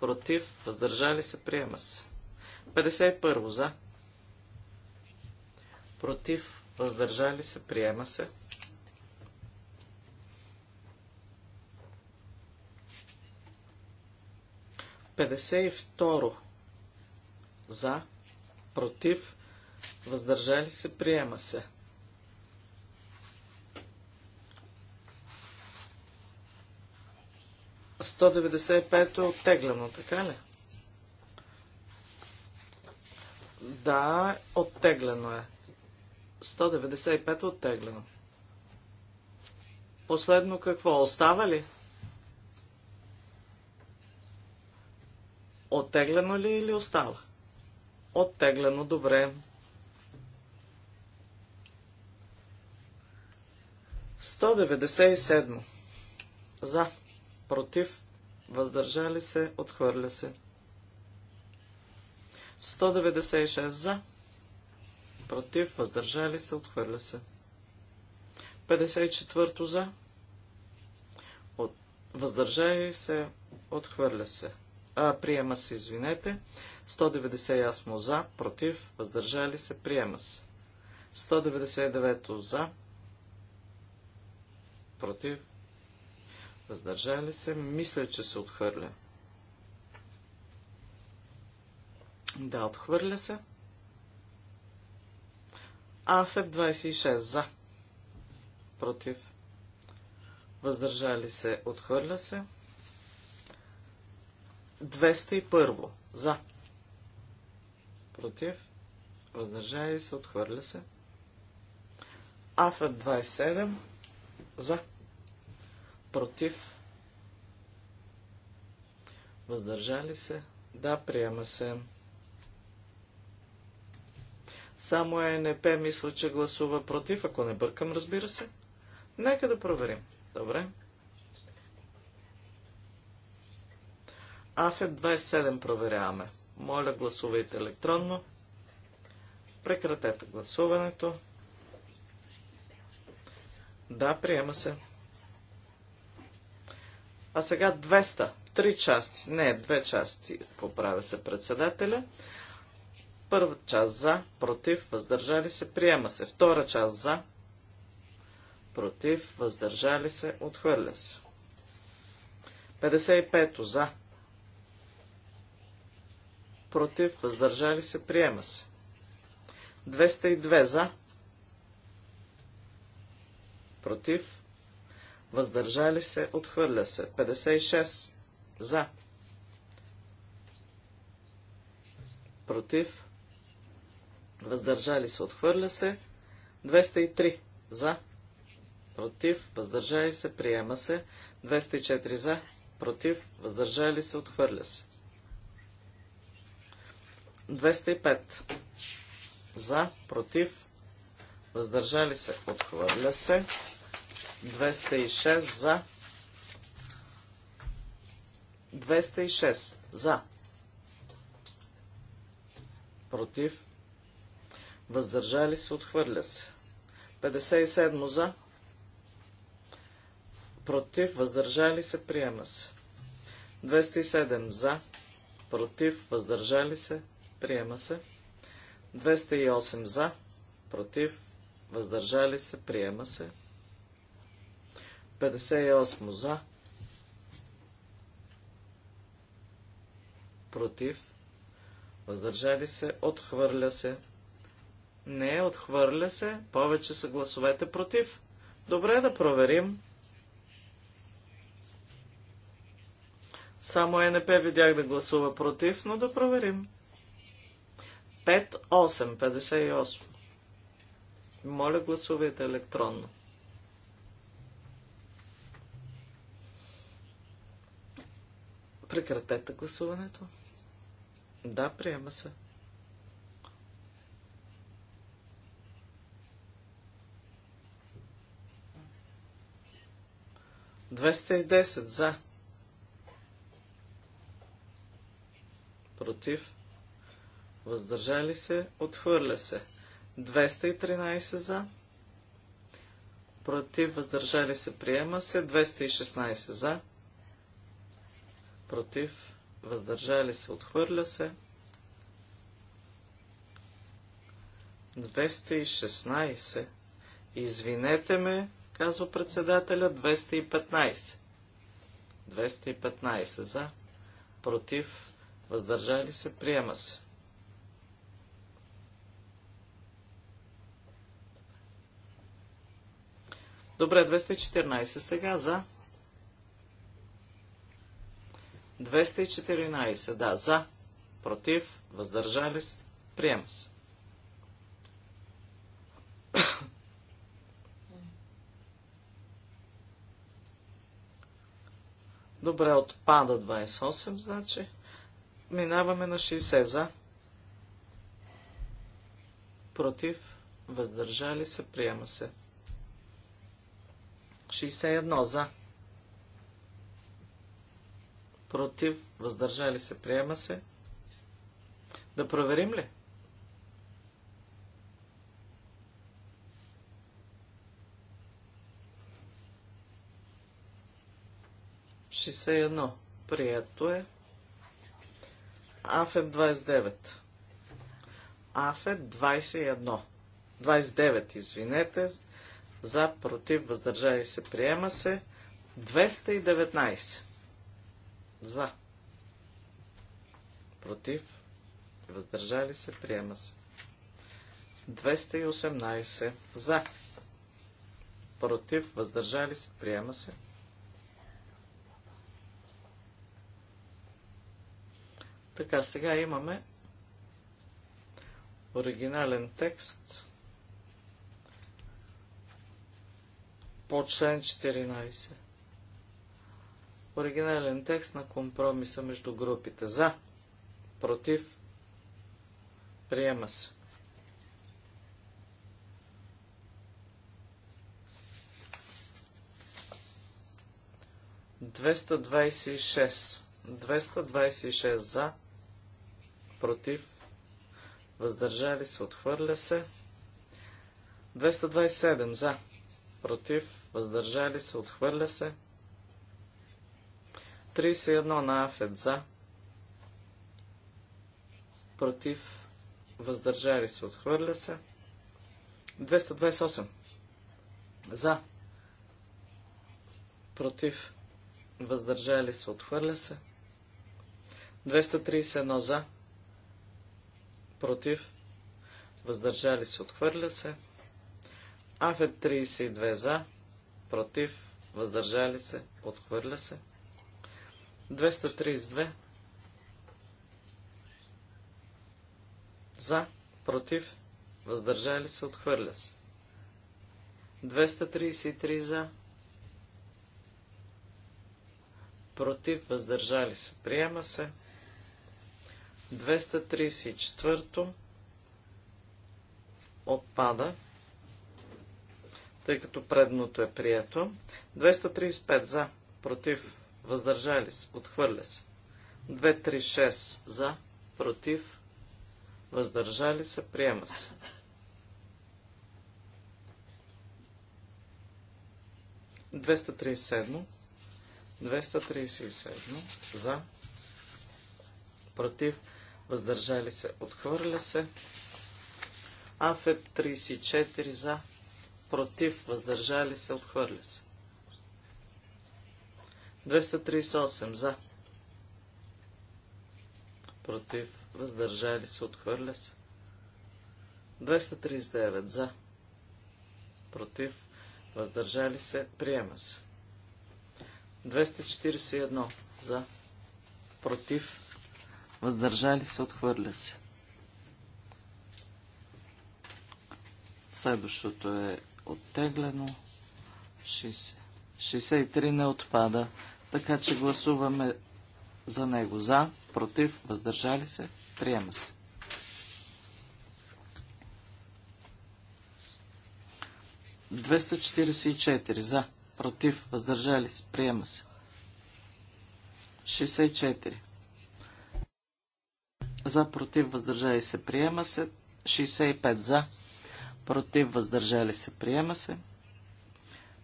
против, въздържали се, приема се. 51 за. Против. Въздържали се. Приема се. Петдесет и второ. За. Против. Въздържали се. Приема се. 195 е оттеглено, така ли? Да, оттеглено е. 195 оттеглено. Последно какво? Остава ли? Оттеглено ли или остава? Оттеглено, добре. 197. За. Против. Въздържали се. Отхвърля се. 196 за, против, въздържали се, отхвърля се. 54 за, от, въздържали се, отхвърля се. А, приема се, извинете. 198 за, против, въздържали се, приема се. 199 за, против, въздържали се, мисля, че се отхвърля. 199 Да, отхвърля се. Афет 26 за. Против. Въздържали се. Отхвърля се. 201 за. Против. Въздържали се. Отхвърля се. Афет 27 за. Против. Въздържали се. Да, приема се. Само ЕНП мисля, че гласува против, ако не бъркам, разбира се. Нека да проверим. Добре. АФЕП 27 проверяваме. Моля, гласувайте електронно. Прекратете гласуването. Да, приема се. А сега 200. Три части. Не, две части. Поправя се председателя. Първа част за, против, въздържали се, приема се. Втора част за, против, въздържали се, отхвърля се. 55 за, против, въздържали се, приема се. 202 за, против, въздържали се, отхвърля се. 56 за, против, въздържали се, отхвърля се. 203 за, против, въздържали се, приема се. 204 за, против, въздържали се, отхвърля се. 205 за, против, въздържали се, отхвърля се. 206 за, 206 за, против, въздържали се, отхвърля се. 57 за, против, въздържали се, приема се. 207 за, против, въздържали се, приема се. 208 за, против, въздържали се, приема се. 58 за, против, въздържали се, отхвърля се. Не, отхвърля се. Повече са гласовете против. Добре, да проверим. Само НП видях да гласува против, но да проверим. 5858. 58. Моля, гласувайте електронно. Прекратете гласуването. Да, приема се. 210 за. Против. Въздържали се. Отхвърля се. 213 за. Против. Въздържали се. Приема се. 216 за. Против. Въздържали се. Отхвърля се. 216. Извинете ме, казва председателя. 215. 215 за, против, въздържали се, приема се. Добре, 214 сега за. 214, да, за, против, въздържали се, приема се. Добре, отпада 28, значи. Минаваме на 60 за. Против. Въздържали се. Приема се. 61 за. Против. Въздържали се. Приема се. Да проверим ли? 61. Прието е. е 29. е 21. 29, извинете. За, против, въздържали се, приема се. 219. За. Против, въздържали се, приема се. 218. За. Против, въздържали се, приема се. 219. Така, сега имаме оригинален текст по член 14. Оригинален текст на компромиса между групите. За, против, приема се. Двеста двадесет и шест. Двеста двадесет и шест за, против, въздържали се, отхвърля се. 227 за, против, въздържали се, отхвърля се. 31 на Афет за, против, въздържали се, отхвърля се. 228 за, против, въздържали се, отхвърля се. 231 за, против, въздържали се, отхвърля се. Афет 32 за, против, въздържали се, отхвърля се. 232 за, против, въздържали се, отхвърля се. 233 за, против, въздържали се, приема се. 234 отпада, тъй като предното е прието. 235 за, против, въздържали се, отхвърля се. 236 за, против, въздържали се, приема се. Двеста тридесет седмо, двеста тридесет седмо, за, против, въздържали се, отхвърля се. Афет 34 за, против, въздържали се, отхвърля се. 238 за, против, въздържали се, отхвърля се. 239 за, против, въздържали се, приема се. 241 за, против, въздържали се, отхвърля се. Следващото е оттеглено. 60. 63 не отпада, така че гласуваме за него. За, против, въздържали се, приема се. Двеста за, против, въздържали се, приема се. 64 за, против, въздържали се, приема се. 65 за, против, въздържали се, приема се.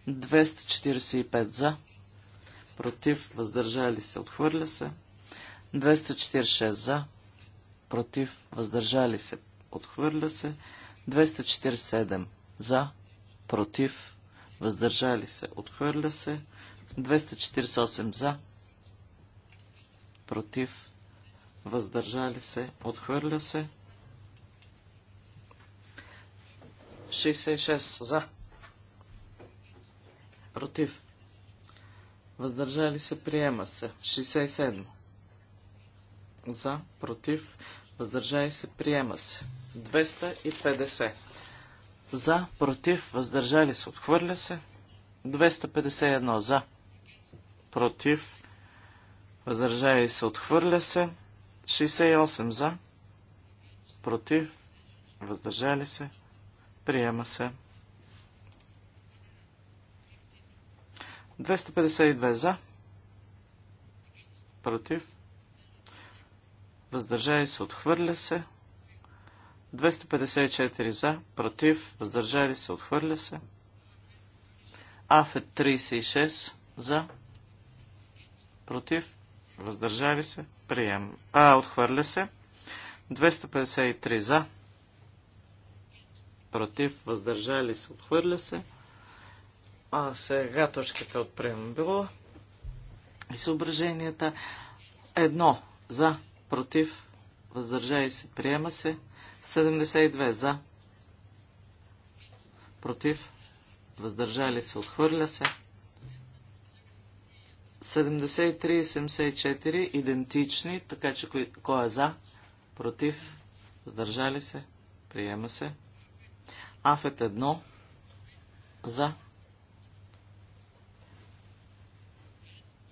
245 за, против, въздържали се, отхвърля се. 246 за, против, въздържали се, отхвърля се. 247 за, против, въздържали се, отхвърля се. 248 за, против, въздържали се, отхвърля се. 66 за, против, въздържали се, приема се. 67 за, против, въздържали се, приема се. 250 за, против, въздържали се, отхвърля се. 251 за, против, въздържали се, отхвърля се. 68 за, против, въздържали се, приема се. 252 за, против, въздържали се, отхвърля се. 254 за, против, въздържали се, отхвърля се. Афет 36 за, против, въздържали се, прием. А, отхвърля се. 253 за, против, въздържали се, отхвърля се. А сега точката от било. и съображенията. Едно за, против, въздържали се, приема се. 72 за, против, въздържали се, отхвърля се. 73 и 74 идентични, така че кой, е за, против, въздържали се, приема се. Афет 1 за,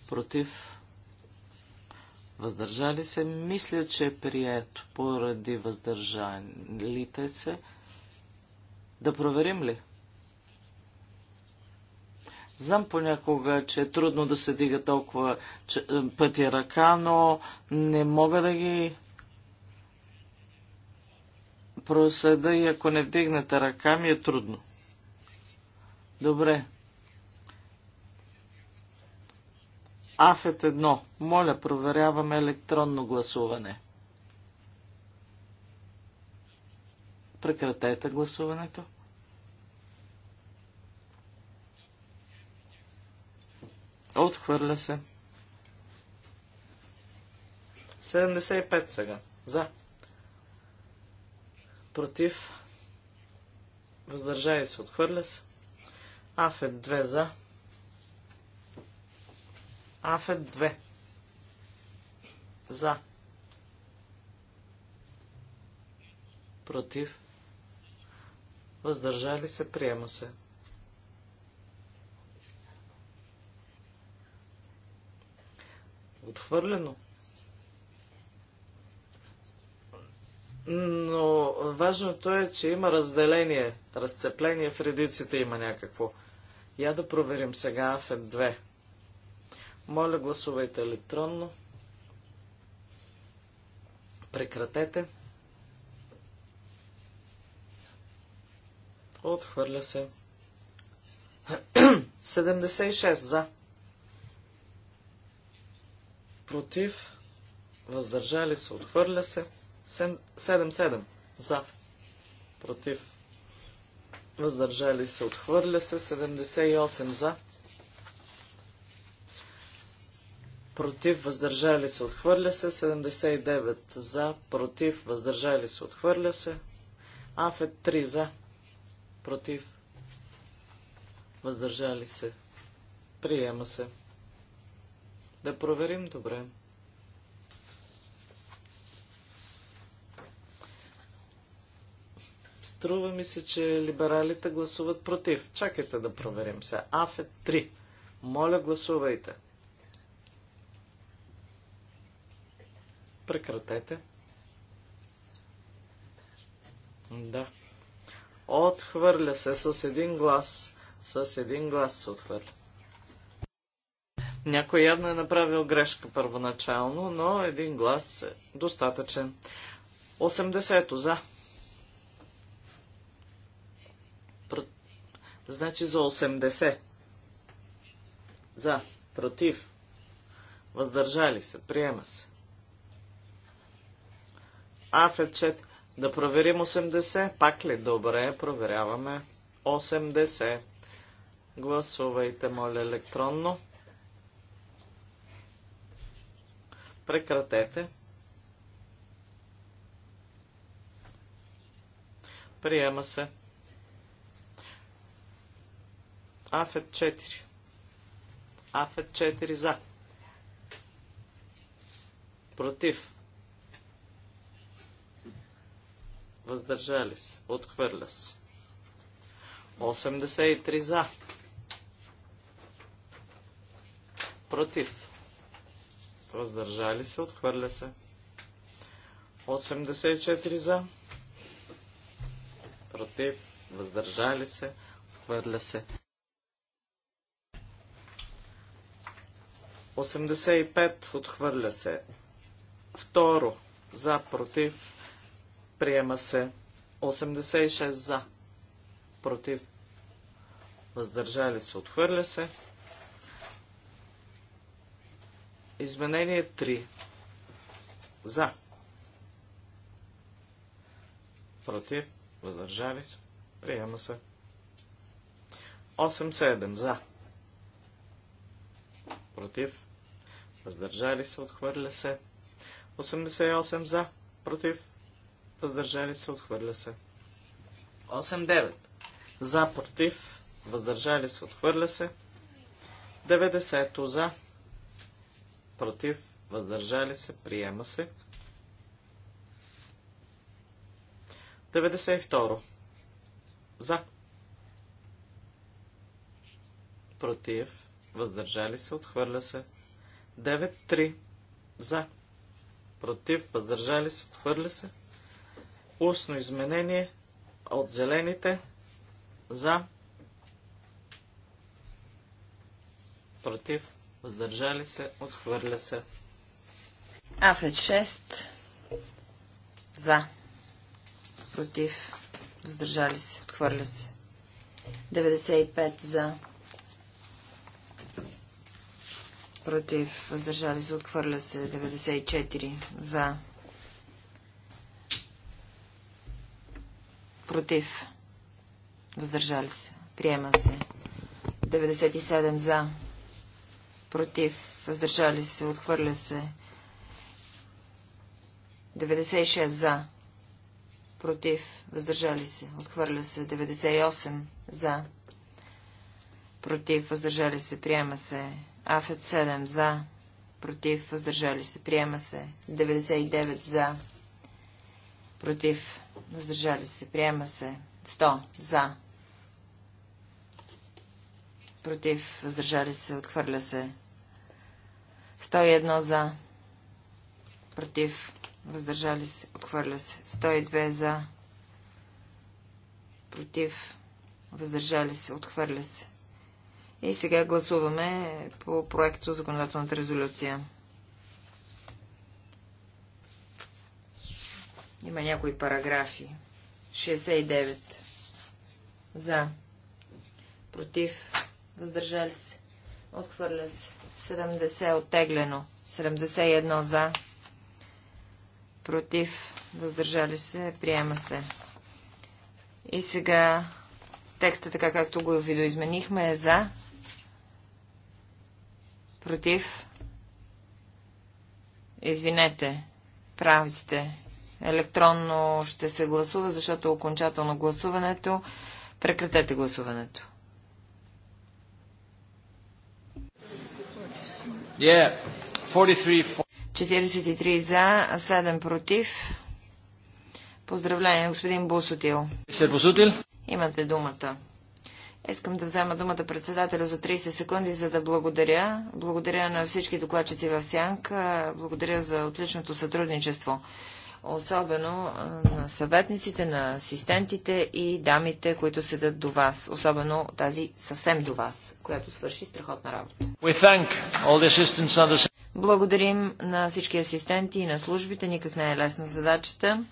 против, въздържали се. Мисля, че е прието поради въздържалите се. Да проверим ли? Знам понякога, че е трудно да се дига толкова е, пъти ръка, но не мога да ги проследа и ако не вдигнете ръка, ми е трудно. Добре. Афет едно. Моля, проверяваме електронно гласуване. Прекратете гласуването. Отхвърля се. 75 сега. За. Против. Въздържай се. Отхвърля се. Афет 2 за. Афет 2. За. Против. Въздържали се. Приема се. Отхвърлено. Но важното е, че има разделение, разцепление в редиците има някакво. Я да проверим сега F2. Моля, гласувайте електронно. Прекратете. Отхвърля се. 76 за против, въздържали се, отхвърля се. 7-7 за, против, въздържали се, отхвърля се. 78 за, против, въздържали се, отхвърля се. 79 за, против, въздържали се, отхвърля се. Афет 3 за, против, въздържали се, приема се. Да проверим добре. Струва ми се, че либералите гласуват против. Чакайте да проверим се. е 3. Моля, гласувайте. Прекратете. Да. Отхвърля се с един глас. С един глас се отхвърля. Някой явно е направил грешка първоначално, но един глас е достатъчен. 80 за. Значи за 80. За. Против. Въздържали се. Приема се. Афет Да проверим 80. Пак ли? Добре, проверяваме. 80. Гласувайте, моля, електронно. Прекратете. Приема се. Афет 4. Афет 4 за. Против. Въздържали се. Отхвърля се. 83 за. Против въздържали се, отхвърля се. 84 за, против, въздържали се, отхвърля се. 85 отхвърля се. Второ, за, против, приема се. 86 за, против, въздържали се, отхвърля се. Изменение 3. За. Против. Въздържали се. Приема се. 8-7. За. Против. Въздържали се. Отхвърля се. 88. За. Против. Въздържали се. Отхвърля се. 8-9. За. Против. Въздържали се. Отхвърля се. 90. За против, въздържали се, приема се. 92. За. Против, въздържали се, отхвърля се. 9-3. За. Против, въздържали се, отхвърля се. Устно изменение от зелените. За. Против, въздържали се, отхвърля се. Афет 6 за, против, въздържали се, отхвърля се. 95 за, против, въздържали се, отхвърля се. 94 за, против, въздържали се, приема се. 97 за, против, въздържали се, отхвърля се. 96 за, против, въздържали се, отхвърля се. 98 за, против, въздържали се, приема се. Афет 7 за, против, въздържали се, приема се. 99 за, против, въздържали се, приема се. 100 за, против, въздържали се, отхвърля се. 101 за. Против. Въздържали се. Отхвърля се. 102 за. Против. Въздържали се. Отхвърля се. И сега гласуваме по проекто законодателната резолюция. Има някои параграфи. 69. За. Против. Въздържали се. Отхвърля се. 70 е оттеглено. 71 за. Против. Въздържали се. Приема се. И сега текста, така както го видоизменихме, е за. Против. Извинете. Прави сте. Електронно ще се гласува, защото е окончателно гласуването. Прекратете гласуването. 43, за, 7 против. Поздравление, господин Бусотил. Бусотил. Имате думата. Искам да взема думата председателя за 30 секунди, за да благодаря. Благодаря на всички докладчици в Сянка. Благодаря за отличното сътрудничество особено на съветниците, на асистентите и дамите, които седат до вас, особено тази съвсем до вас, която свърши страхотна работа. Благодарим на всички асистенти и на службите, никак не е лесна задачата.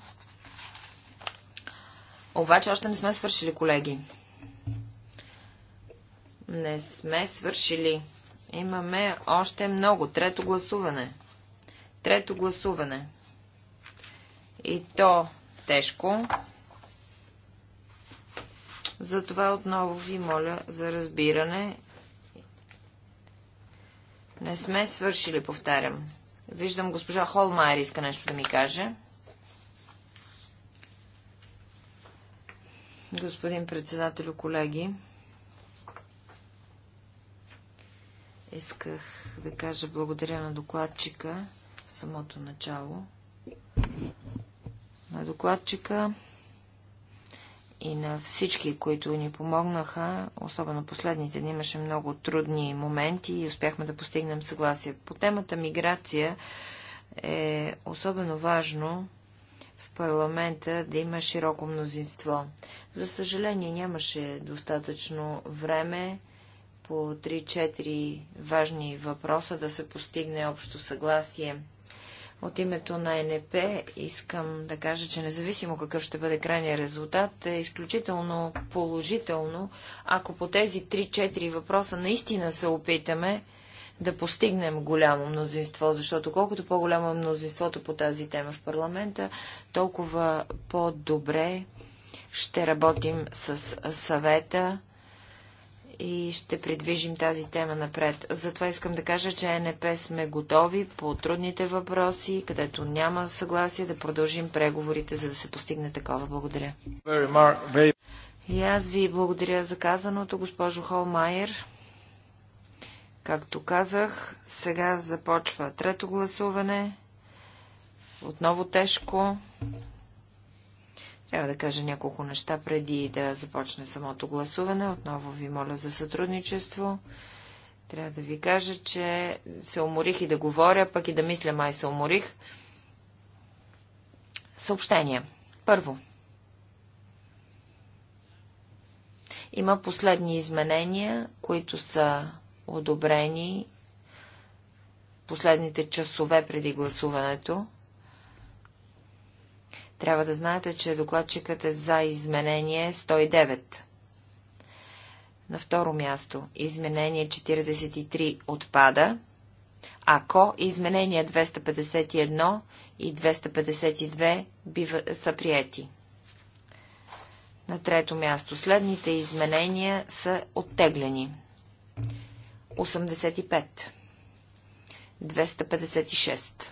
Обаче още не сме свършили, колеги. Не сме свършили. Имаме още много. Трето гласуване. Трето гласуване. И то тежко. Затова отново ви моля за разбиране. Не сме свършили, повтарям. Виждам, госпожа Холмайер иска нещо да ми каже. Господин председател, колеги, исках да кажа благодаря на докладчика в самото начало на докладчика и на всички, които ни помогнаха. Особено последните дни имаше много трудни моменти и успяхме да постигнем съгласие. По темата миграция е особено важно в парламента да има широко мнозинство. За съжаление нямаше достатъчно време по 3-4 важни въпроса да се постигне общо съгласие. От името на НП искам да кажа, че независимо какъв ще бъде крайният резултат, е изключително положително, ако по тези 3-4 въпроса наистина се опитаме да постигнем голямо мнозинство, защото колкото по-голямо е мнозинството по тази тема в парламента, толкова по-добре ще работим с съвета и ще придвижим тази тема напред. Затова искам да кажа, че НП сме готови по трудните въпроси, където няма съгласие да продължим преговорите, за да се постигне такова. Благодаря. И аз ви благодаря за казаното, госпожо Холмайер. Както казах, сега започва трето гласуване. Отново тежко. Трябва да кажа няколко неща преди да започне самото гласуване. Отново ви моля за сътрудничество. Трябва да ви кажа, че се уморих и да говоря, пък и да мисля, май се уморих. Съобщения. Първо. Има последни изменения, които са одобрени последните часове преди гласуването. Трябва да знаете, че докладчикът е за изменение 109. На второ място, изменение 43 отпада, ако изменения 251 и 252 бива, са приети. На трето място, следните изменения са оттеглени. 85 256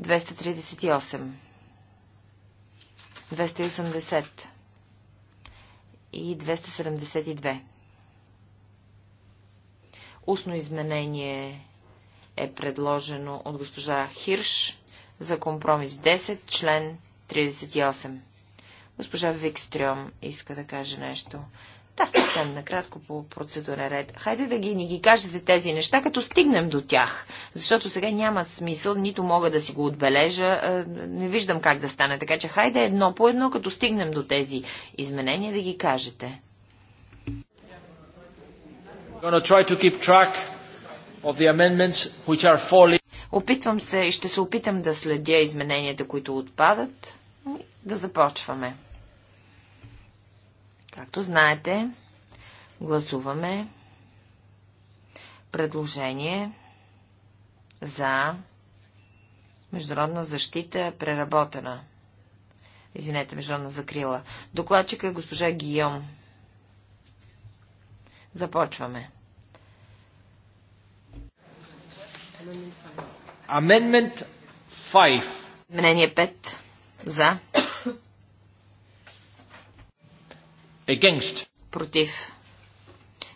238. 280 и 272. Устно изменение е предложено от госпожа Хирш за компромис 10, член 38. Госпожа Викстрюм иска да каже нещо. Да, съвсем накратко по процедура ред. Хайде да ги ни ги кажете тези неща, като стигнем до тях. Защото сега няма смисъл, нито мога да си го отбележа. Е, не виждам как да стане. Така че хайде едно по едно, като стигнем до тези изменения, да ги кажете. Опитвам се и ще се опитам да следя измененията, които отпадат. Да започваме. Както знаете, гласуваме предложение за международна защита, преработена. Извинете, международна закрила. Докладчика е госпожа Гийом. Започваме. Amendment 5. Мнение 5. За. Against. Против.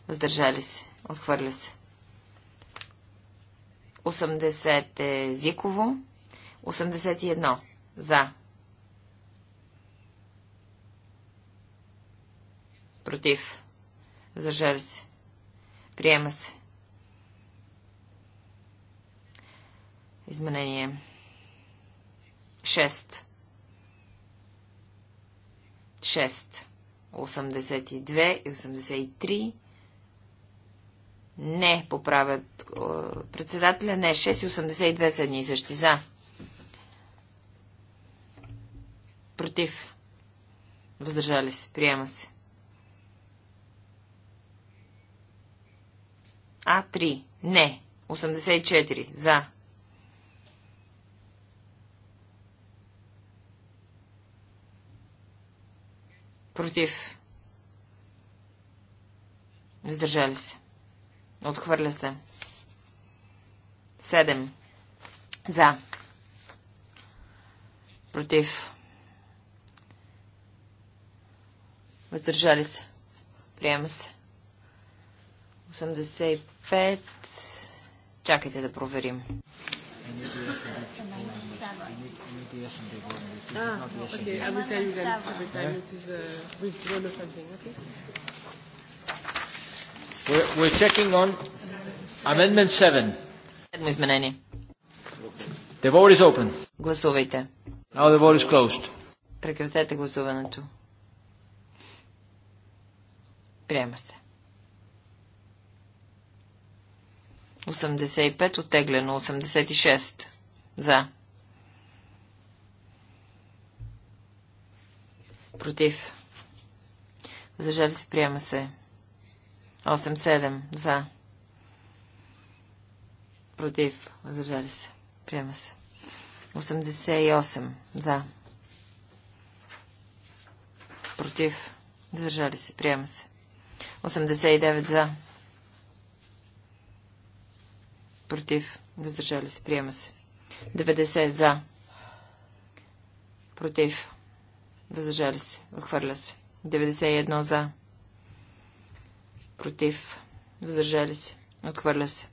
Въздържали се. Отхвърля се. 80 е езиково. 81. За. Против. Въздържали се. Приема се. Изменение. 6. 6. 82 и 83. Не, поправят е, председателя. Не, 6 и 82 са едни и същи. За. Против. Въздържали се. Приема се. А3. Не. 84. За. Против. Въздържали се. Отхвърля се. Седем. За. Против. Въздържали се. Приема се. 85. Чакайте да проверим. Ah, okay. I will tell you then every time it is uh, withdrawn or something. Okay. We're, we're checking on Amendment 7. Седмо изменение. The vote is open. Гласувайте. Now the vote is closed. Прекратете гласуването. Приема се. 85 оттеглено, 86 за. Против. Зажали се, приема се. 8-7 за. Против. Зажали се. Приема се. 88 за. Против. Зажали се. Приема се. 89 за. Против. Въздържали се. Приема се. 90 за. Против. Въздържали се. Отхвърля се. 91 за. Против. Въздържали се. Отхвърля се.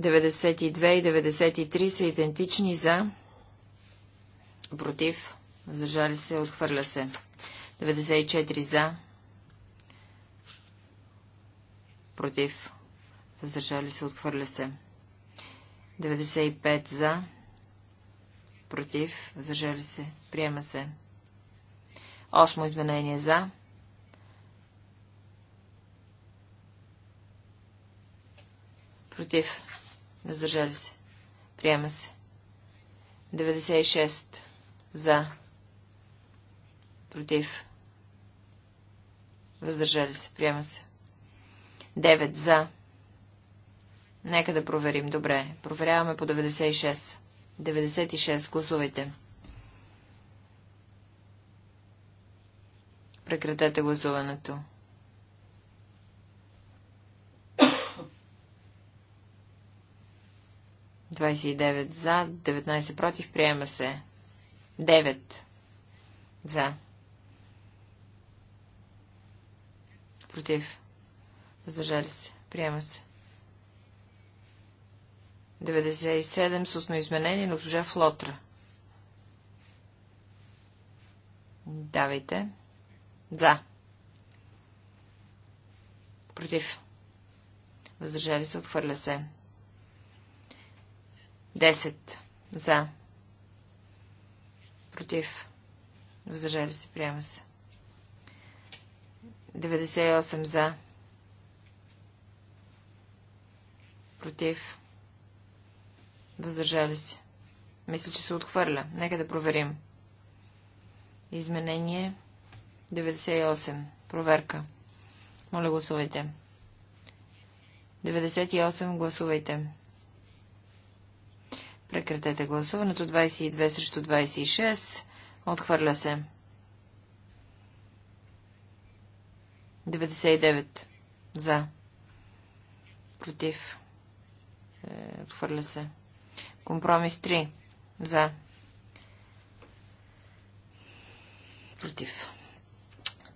92 и 93 са идентични за. Против. Въздържали се. Отхвърля се. 94 за. Против. Въздържали се. Отхвърля се. 95 за. Против. Въздържали се. Приема се. Осмо изменение за. Против. Въздържали се. Приема се. 96. За. Против. Въздържали се. Приема се. 9. За. Нека да проверим. Добре. Проверяваме по 96. 96. Гласувайте. 96. Прекратете гласуването. Двадесет за, деветнадесет против, приема се. Девет за. Против. Въздържали се. Приема се. 97 с устно изменение на госпожа Флотра. Давайте. За. Против. Въздържали се, отхвърля се. 10. За. Против. Въздържали се, приема се. 98 за. Против. Въздържали се. Мисля, че се отхвърля. Нека да проверим. Изменение 98. Проверка. Моля, гласувайте. 98. Гласувайте. Прекратете гласуването. 22 срещу 26. Отхвърля се. 99. За. Против. Е, отхвърля се. Компромис 3. За. Против.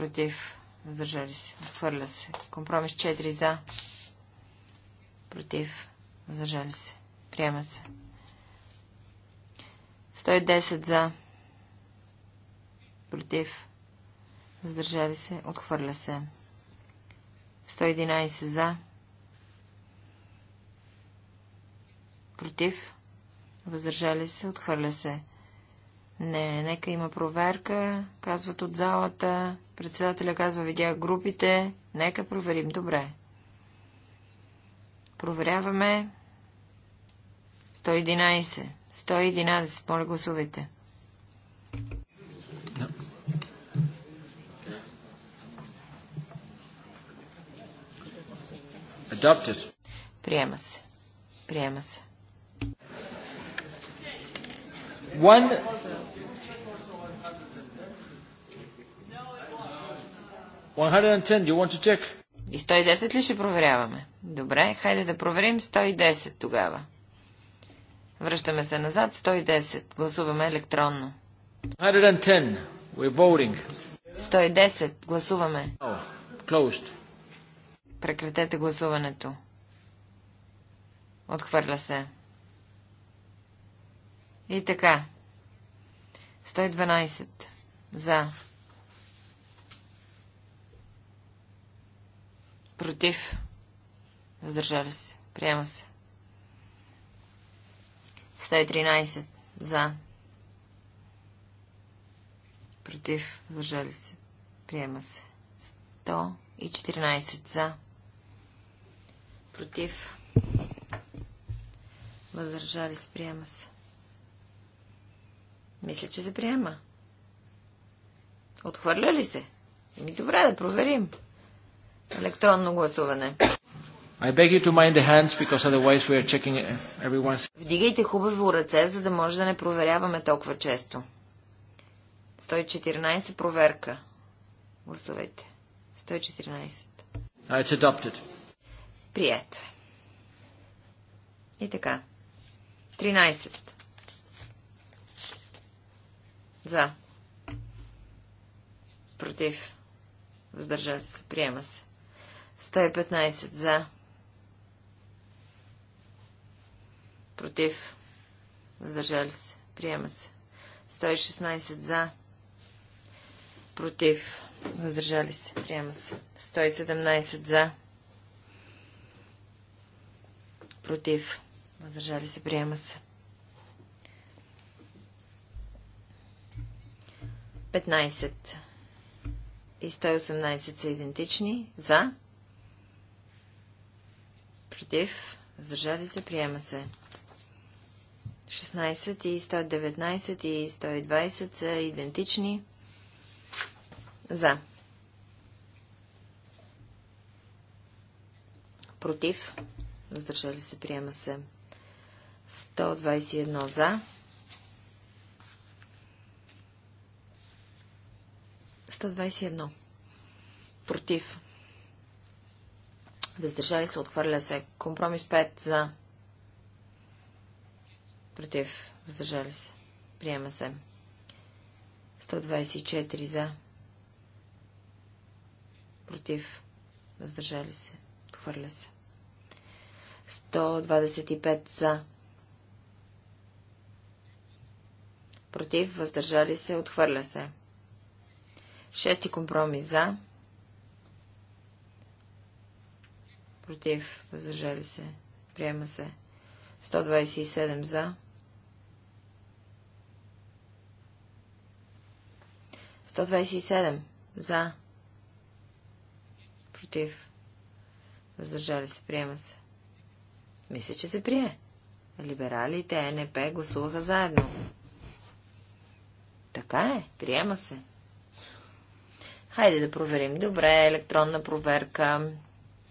против, въздържали се, отхвърля се. Компромис 4 за, против, въздържали се, приема се. 110 за, против, въздържали се, отхвърля се. 111 за, против, въздържали се, отхвърля се. Не, нека има проверка, казват от залата. Председателя казва, видях групите. Нека проверим. Добре. Проверяваме. 111. 111. Моля, гласувайте. Adopted. Приема се. Приема се. One 110, you want to check? И 110 ли ще проверяваме? Добре, хайде да проверим 110 тогава. Връщаме се назад, 110. Гласуваме електронно. 110. We're voting. 110. Гласуваме. Oh, closed. Прекратете гласуването. Отхвърля се. И така. 112. За. Против. Въздържали се. Приема се. 113. За. Против. Въздържали се. Приема се. 114. За. Против. Въздържали се. Приема се. Мисля, че се приема. Отхвърля ли се? Ми добре, да проверим. Електронно гласуване. I beg you to mind the hands, because otherwise we are checking everyone's... Вдигайте хубаво ръце, за да може да не проверяваме толкова често. 114 проверка. Гласувайте. 114. It's adopted. Прието е. И така. 13. За. Против. Въздържали се. Приема се. 115 за. Против. Въздържали се. Приема се. 116 за. Против. Въздържали се. Приема се. 117 за. Против. Въздържали се. Приема се. 15 и 118 са идентични. За против, въздържали се, приема се. 16 и 119 и 120 са идентични. За. Против. Въздържали се, приема се. 121 за. 121. Против. Въздържали се, отхвърля се. Компромис 5 за. Против. Въздържали се. Приема се. 124 за. Против. Въздържали се. Отхвърля се. 125 за. Против. Въздържали се. Отхвърля се. Шести компромис за. против, въздържали се, приема се. 127 за. 127 за. Против. Въздържали се, приема се. Мисля, че се прие. Либералите, НП гласуваха заедно. Така е, приема се. Хайде да проверим. Добре, електронна проверка.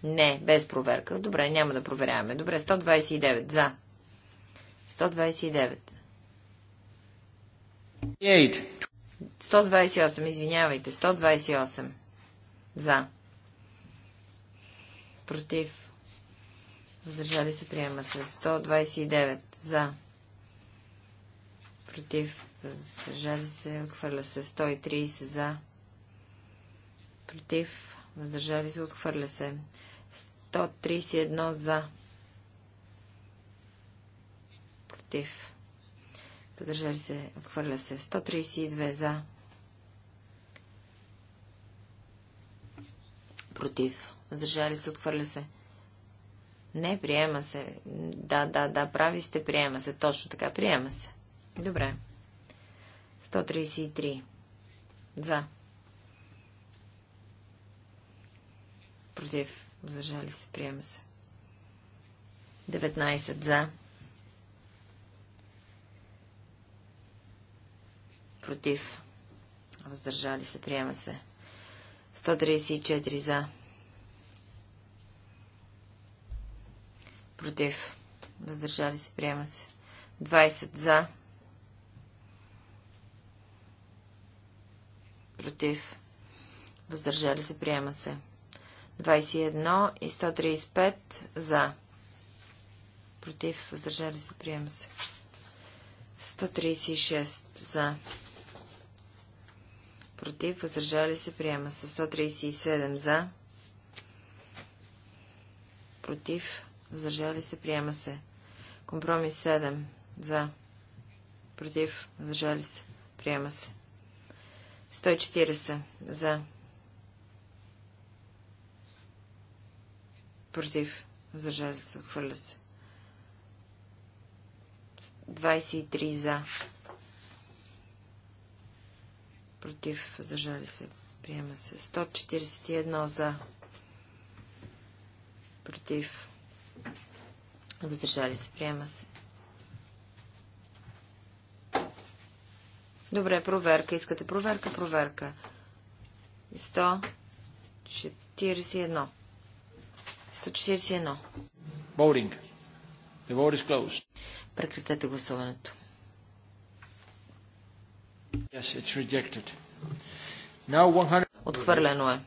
Не, без проверка. Добре, няма да проверяваме. Добре, 129 за. 129. 128, извинявайте. 128 за. Против. Въздържали се приема се. 129 за. Против. Въздържали се. Отхвърля се. 130 за. Против. Въздържали се. Отхвърля се. 131 за. Против. Въздържали се. Отхвърля се. 132 за. Против. Въздържали се. Отхвърля се. Не, приема се. Да, да, да, прави сте, приема се. Точно така, приема се. Добре. 133. За. Против. Въздържали се. Приема се. 19 за. Против. Въздържали се. Приема се. 134 за. Против. Въздържали се. Приема се. 20 за. Против. Въздържали се. Приема се. 21 и 135 за. Против, въздържали се, приема се. 136 за. Против, въздържали се, приема се. 137 за. Против, въздържали се, приема се. Компромис 7 за. Против, въздържали се, приема се. 140 за. Против. Въздържали се. Отхвърля се. 23 за. Против. Въздържали се. Приема се. 141 за. Против. Въздържали се. Приема се. Добре, проверка. Искате проверка? Проверка. 141. 141. Voting. The vote is closed. Прекратете гласуването. Yes, it's rejected. Now 100... Отхвърлено е.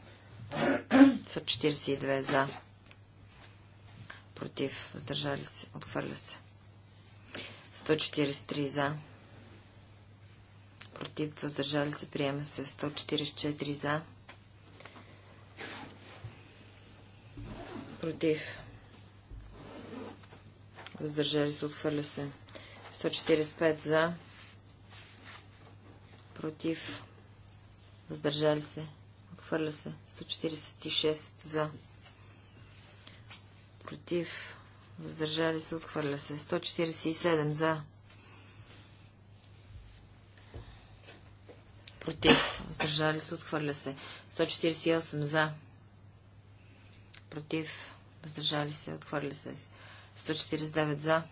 142 за. Против. Въздържали се. Отхвърля се. 143 за. Против. Въздържали се. Приема се. 144 за против, въздържали се, отхвърля се. 145 за, против, въздържали се, отхвърля се. 146 за, против, въздържали се, отхвърля се. 147 за, против, въздържали се, отхвърля се. 148 за, против, въздържали се, отхвърля се. 149 за,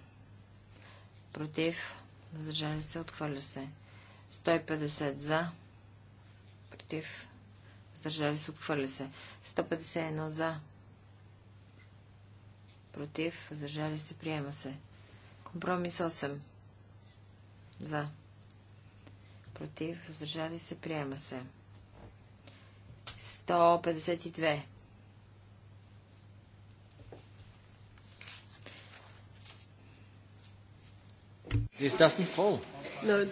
против, въздържали се, отхвърля се. 150 за, против, въздържали се, отхвърля се. 151 за, против, въздържали се, приема се. Компромис 8 за, против, въздържали се, приема се. 152 Is das nicht voll? No, uh,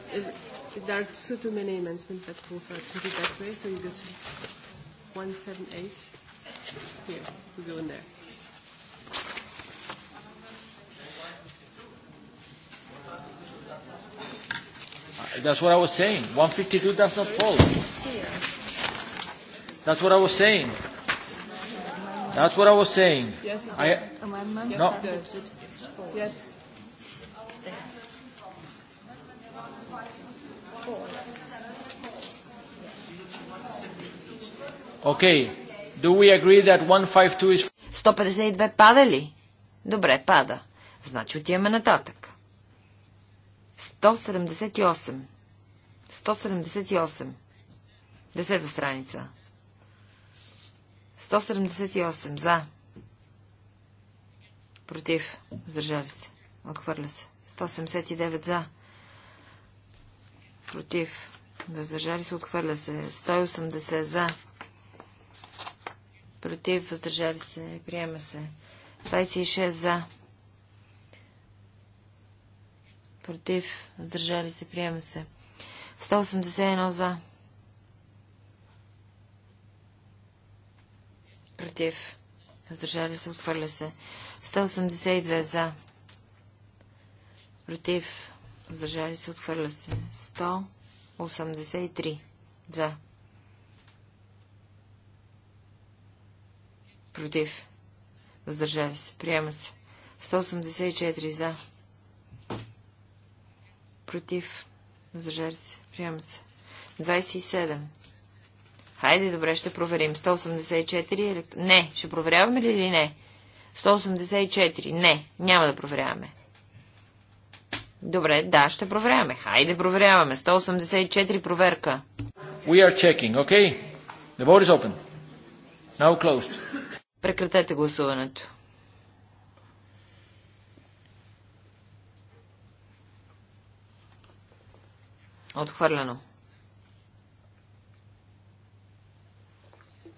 there are too, too many amendments that also are treated that way, so you go to 178. Here, we go in there. Uh, That's what I was saying. 152 does not fall. That's what I was saying. That's what I was saying. Yes, I, amendments no. Yes. It's there. Okay. Do we agree that 152 is... 152 пада ли? Добре, пада. Значи отиваме нататък. 178. 178. Десета страница. 178. За. Против. Въздържали се. Отхвърля се. 179 за против, въздържали се, отхвърля се. 180 за, против, въздържали се, приема се. 26 за, против, въздържали се, приема се. 181 за, против, въздържали се, отхвърля се. 182 за, против, въздържали се, отхвърля се. 183 за. Против. Въздържали се. Приема се. 184 за. Против. Въздържали се. Приема се. 27. Хайде, добре, ще проверим. 184 е Не, ще проверяваме ли или не? 184. Не, няма да проверяваме. Добре, да, ще проверяваме. Хайде, проверяваме. 184 проверка. We are checking, okay? The vote is open. Now closed. Прекратете гласуването. Отхвърлено.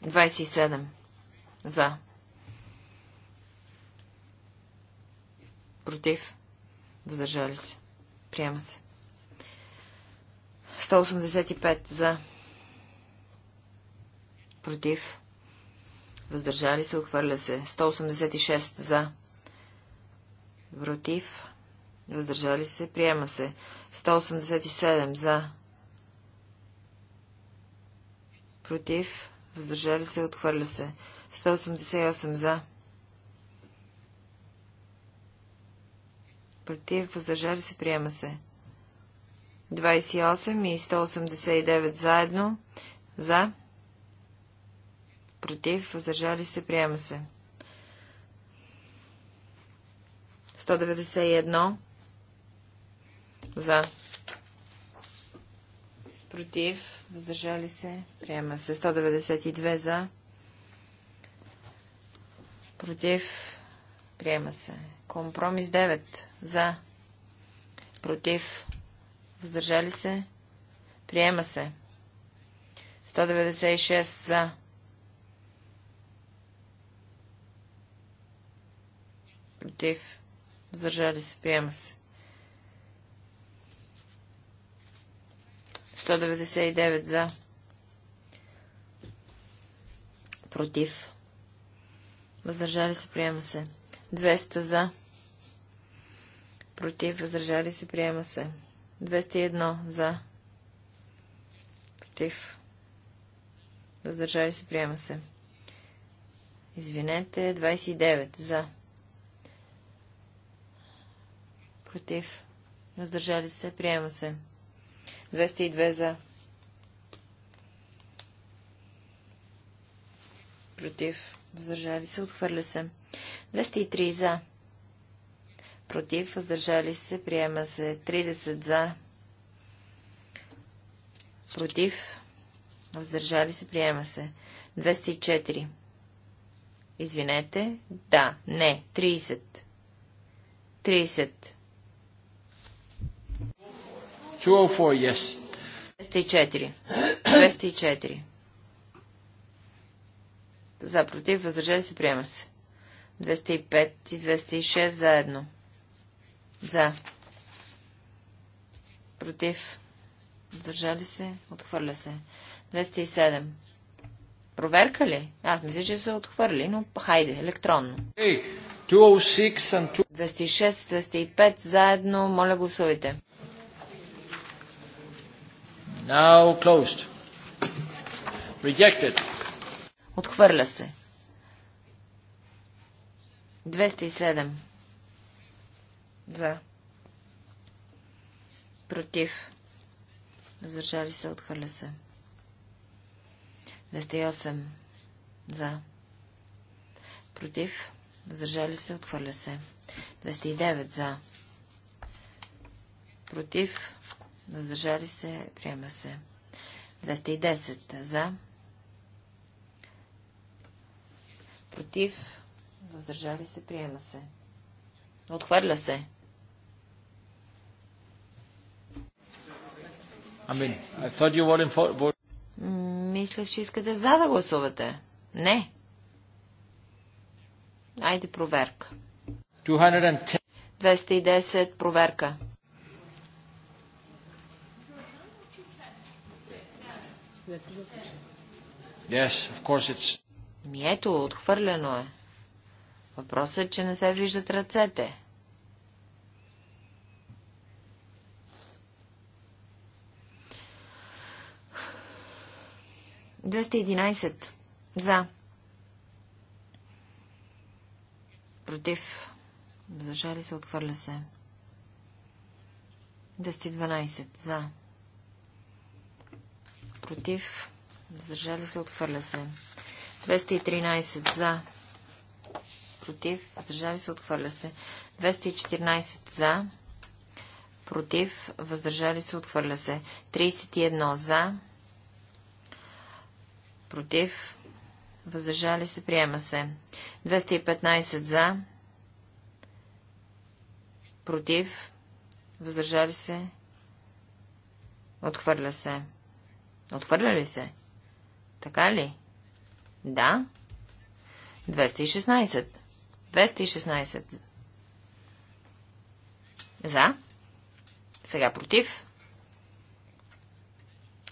27. За. Против. Въздържали се. Приема се. 185 за. Против. Въздържали се. Отхвърля се. 186 за. Против. Въздържали се. Приема се. 187 за. Против. Въздържали се. Отхвърля се. 188 за. против, въздържали се, приема се. 28 и 189 заедно, за, против, въздържали се, приема се. 191 за, против, въздържали се, приема се. 192 за, против, приема се. Компромис 9. За. Против. Въздържали се. Приема се. 196 за. Против. Въздържали се. Приема се. 199 за. Против. Въздържали се. Приема се. 200 за против, въздържали се, приема се. 201 за, против, въздържали се, приема се. Извинете, 29 за, против, въздържали се, приема се. 202 за, против, въздържали се, отхвърля се. 203 за, против, въздържали се, приема се 30 за, против, въздържали се, приема се 204. Извинете, да, не, 30. 30. 204, yes. 204. 204. За, против, въздържали се, приема се. 205 и 206 заедно. За. Против. Задържали се. Отхвърля се. 207. Проверка ли? Аз мисля, че се отхвърли, но хайде, електронно. 206, 205 заедно, моля гласувайте. Now closed. Rejected. Отхвърля се. 207. За. Против. Въздържали се. Отхвърля се. 208. За. Против. Въздържали се. Отхвърля се. 209. За. Против. Въздържали се. Приема се. 210. За. Против. Въздържали се. Приема се. Отхвърля се. I mean, I thought you were for... Мислех, че искате за да гласувате. Не. Айде проверка. 210, 210 проверка. Yes, of course it's... Ами ето, отхвърлено е. Въпросът е, че не се виждат ръцете. 211 за. Против. Зажали се, отхвърля се. 212 за. Против. Зажали се, отхвърля се. 213 за. Против. Въздържали се, отхвърля се. 214 за. Против. Въздържали се, отхвърля се. 31 за против, въздържали се, приема се. 215 за, против, въздържали се, отхвърля се. Отхвърля ли се? Така ли? Да. 216. 216. За. Сега против.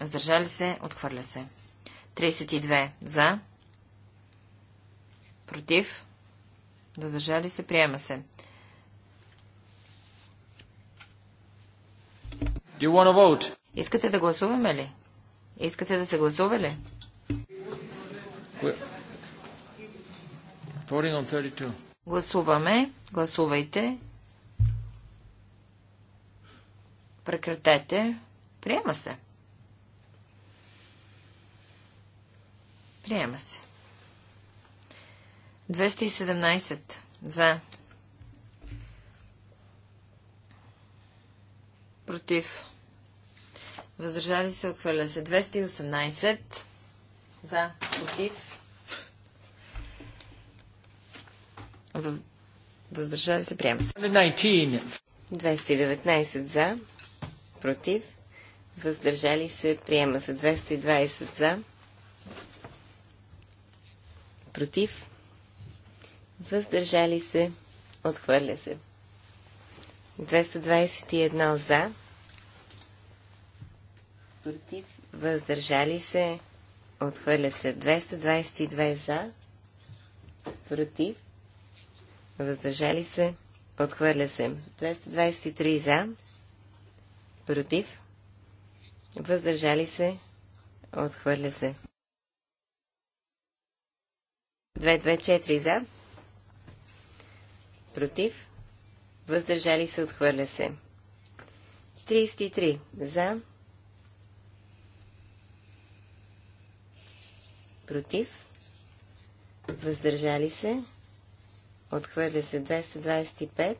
Сдържали се, отхвърля се. 32 за. Против. Въздържали се. Приема се. You vote? Искате да гласуваме ли? Искате да се гласува ли? Гласуваме. Гласувайте. Прекратете. Приема се. Приема се. 217 за. Против. Въздържали се, отхвърля се. 218 за. Против. Въздържали се, приема се. 219 за. Против. Въздържали се, приема се. 220 за против, въздържали се, отхвърля се. 221 за, против, въздържали се, отхвърля се. 222 за, против, въздържали се, отхвърля се. 223 за, против, въздържали се, отхвърля се. 224 за. Против. Въздържали се. Отхвърля се. 33 за. Против. Въздържали се. Отхвърля се 225.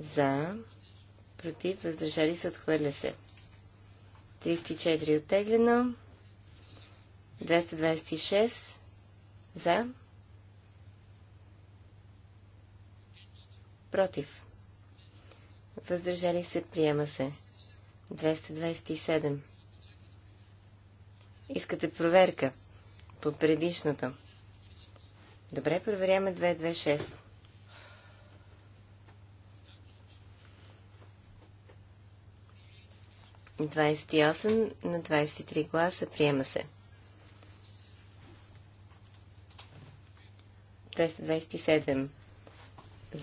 За. Против. Въздържали се. Отхвърля се. 34 оттеглено. 226 за. Против. Въздържали се, приема се. 227. Искате проверка по предишното. Добре, проверяваме 226. Двадесет на 23 гласа приема се. 6.27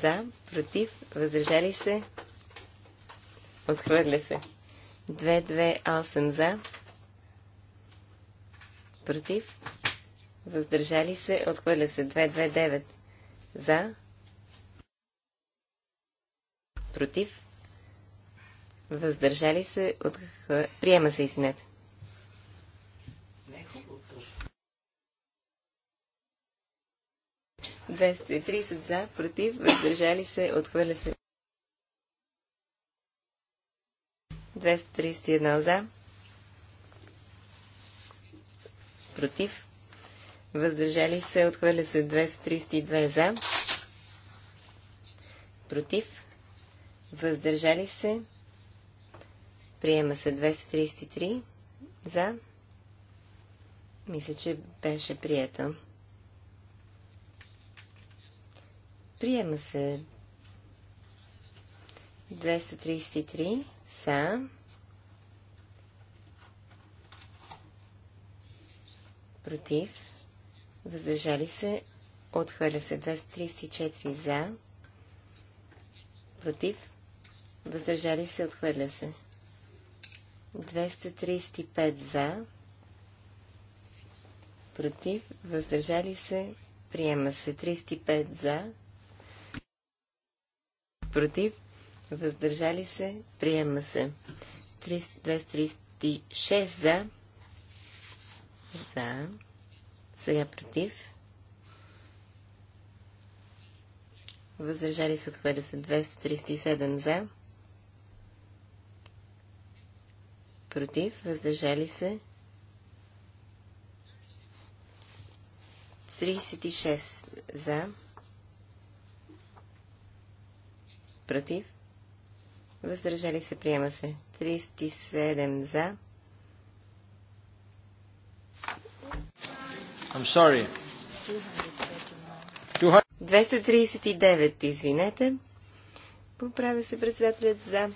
За, против, въздържали се, отхвърля се. 228 за, против, въздържали се, отхвърля се. 229 за, против, въздържали се, отхвърля... приема се, извинете. 230 за, против, въздържали се, отхвърля се. 231 за, против, въздържали се, отхвърля се 232 за, против, въздържали се, приема се 233 за, мисля, че беше прието. Приема се 233 са против, въздържали се, отхвърля се 234 за, против, въздържали се, отхвърля се 235 за, против, въздържали се, приема се 35 за, против, въздържали се, приема се. 236 за, за, сега против, въздържали се, отхвърля се 237 за, против, въздържали се, 36 за, против, въздържали се, приема се. 37 за. I'm sorry. 239, извинете. Поправя се председателят за.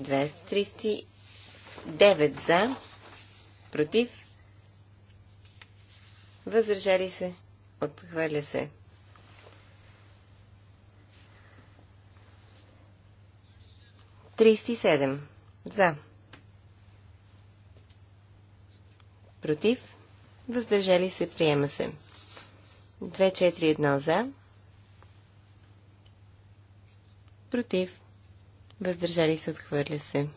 239 за. Против. Възражали се. Отхвърля се. 37. За. Против. Въздържали се. Приема се. 2, 4, 1 за. Против. Въздържали се. Отхвърля се.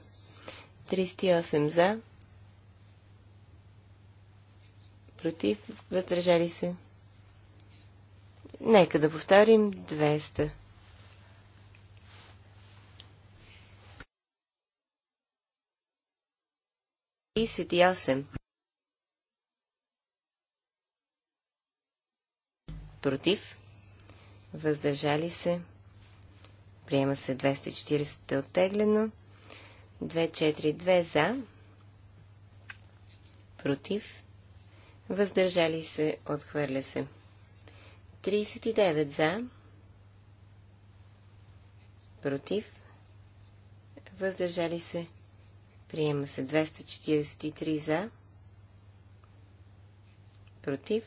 38 за. Против. Въздържали се. Нека да повторим 200. 38. Против. Въздържали се. Приема се 240 оттеглено. 242 за. Против. Въздържали се. Отхвърля се. 39 за. Против. Въздържали се. Приема се 243 за. Против.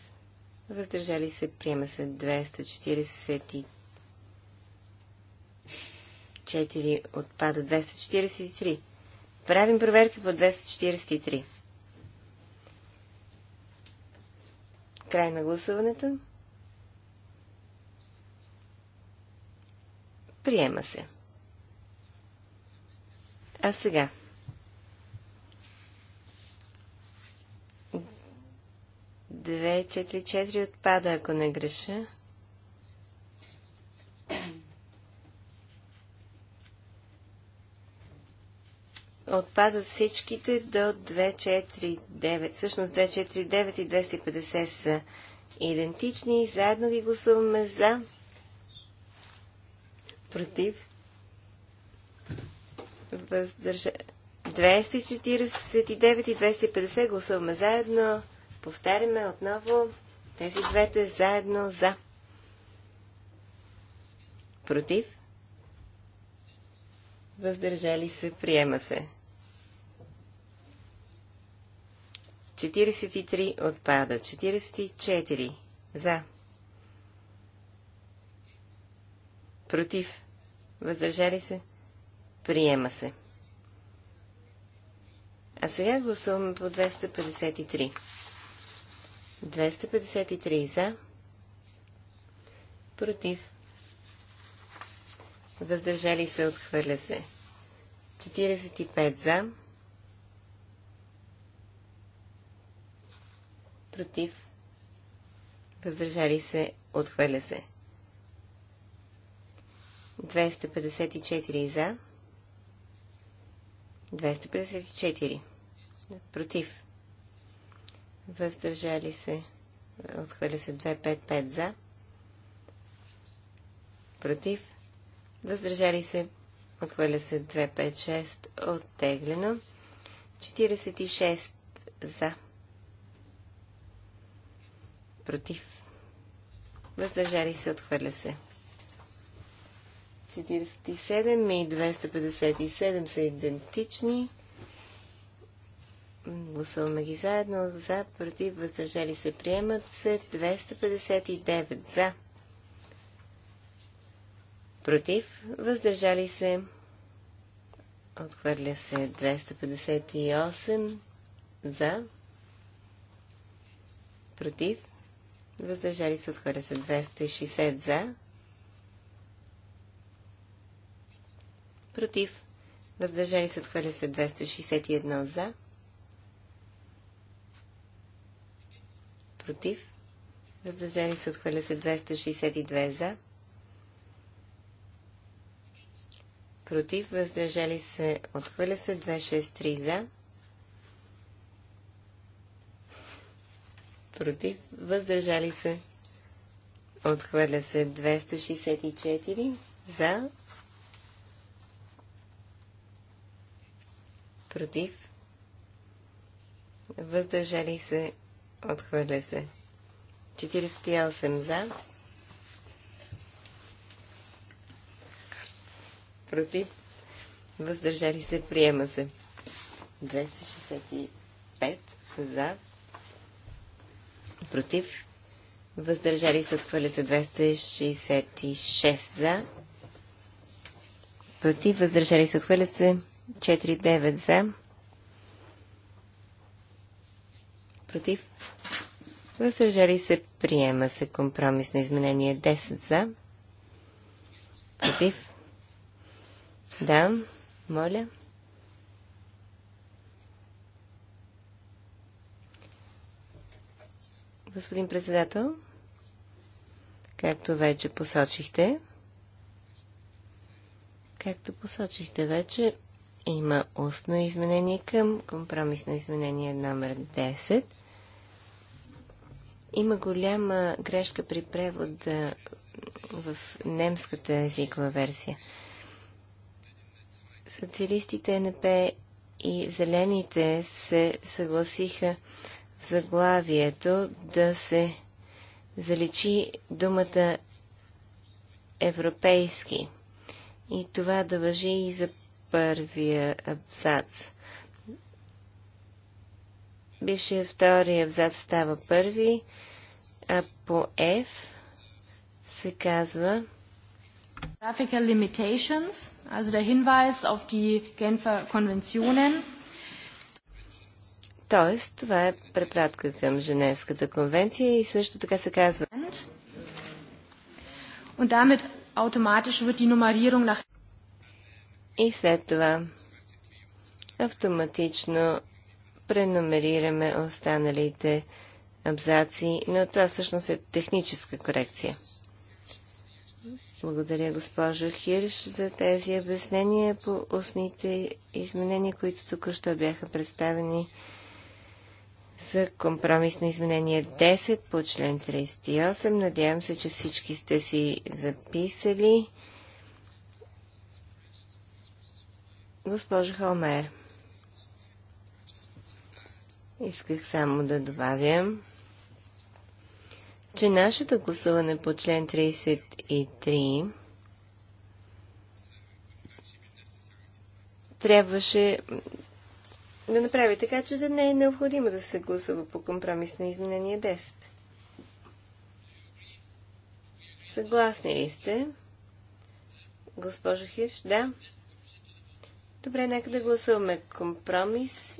Въздържали се. Приема се 244. Отпада 243. Правим проверки по 243. Край на гласуването. Приема се. А сега 244 отпада, ако не греша. Отпадат всичките до 249. Всъщност 249 и 250 са идентични. Заедно ги гласуваме за. Против. Въздържа... 249 и 250 гласуваме заедно. Повтаряме отново тези двете заедно за. Против. Въздържали се. Приема се. 43 отпада. 44 за. Против. Въздържали се. Приема се. А сега гласуваме по 253. 253 за, против, въздържали се, отхвърля се. 45 за, против, въздържали се, отхвърля се. 254 за, 254 против, въздържали се, отхвърля се 255 за, против, въздържали се, отхвърля се 256, оттеглено, 46 за, против, въздържали се, отхвърля се. 47 и 257 са идентични. Гласуваме ги заедно. За, против, въздържали се, приемат се. 259 за. Против, въздържали се. Отхвърля се 258 за. Против, въздържали се. Отхвърля се 260 за. Против, въздържали се. Отхвърля се 261 за против, въздържали се, отхвърля се 262 за, против, въздържали се, отхвърля се 263 за, против, въздържали се, отхвърля се 264 за, против, въздържали се, Отхвърля се. 48 за. Против. Въздържали се. Приема се. 265 за. Против. Въздържали се. Отхвърля се. 266 за. Против. Въздържали се. Отхвърля се. 49 за против, въздържали се, приема се компромисно изменение 10 за, против, да, моля. Господин председател, както вече посочихте, както посочихте вече, има устно изменение към компромисно изменение номер 10. Има голяма грешка при превода в немската езикова версия. Социалистите НП и зелените се съгласиха в заглавието да се заличи думата европейски. И това да въжи и за първия абзац бившият втори абзац става първи, а по F се казва Graphical Limitations, also der Hinweis auf die Genfer Konventionen. Тоест, това е препратка към Женевската конвенция и също така се казва. Und damit automatisch wird die Nummerierung nach... И след това автоматично преномерираме останалите абзаци, но това всъщност е техническа корекция. Благодаря, госпожа Хирш, за тези обяснения по устните изменения, които току-що бяха представени за компромисно изменение 10 по член 38. Надявам се, че всички сте си записали. Госпожо Холмер. Исках само да добавя, че нашето гласуване по член 33 трябваше да направи така, че да не е необходимо да се гласува по компромис на изменение 10. Съгласни ли сте? Госпожо Хирш, да. Добре, нека да гласуваме компромис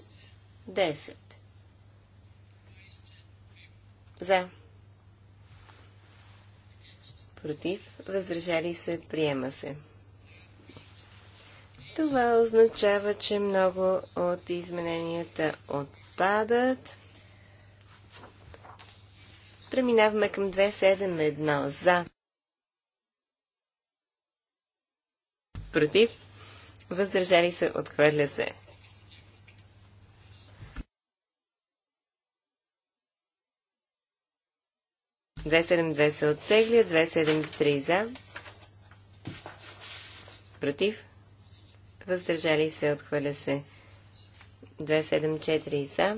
10. За. Против. Въздържали се. Приема се. Това означава, че много от измененията отпадат. Преминаваме към 271. За. Против. Въздържали се. Отхвърля се. 272 се оттегля, 273 за, против, въздържали се, отхвърля се, 274 за,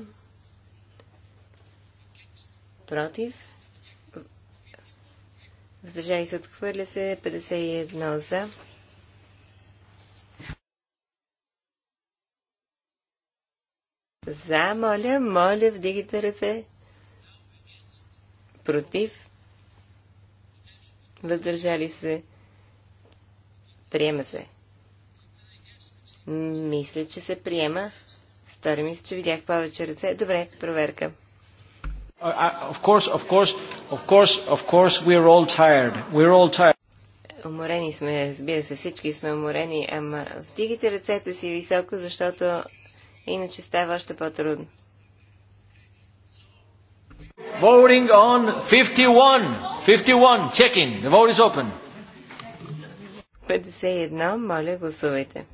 против, въздържали се, отхвърля се, 51 за, За, моля, моля, вдигайте ръце против, въздържали се, приема се. Мисля, че се приема. Стори ми се, че видях повече ръце. Добре, проверка. Уморени сме, разбира се, всички сме уморени, ама вдигайте ръцете си високо, защото иначе става още по-трудно. Voting on 51. 51. Checking. The vote is open. 51. Моля, гласувайте.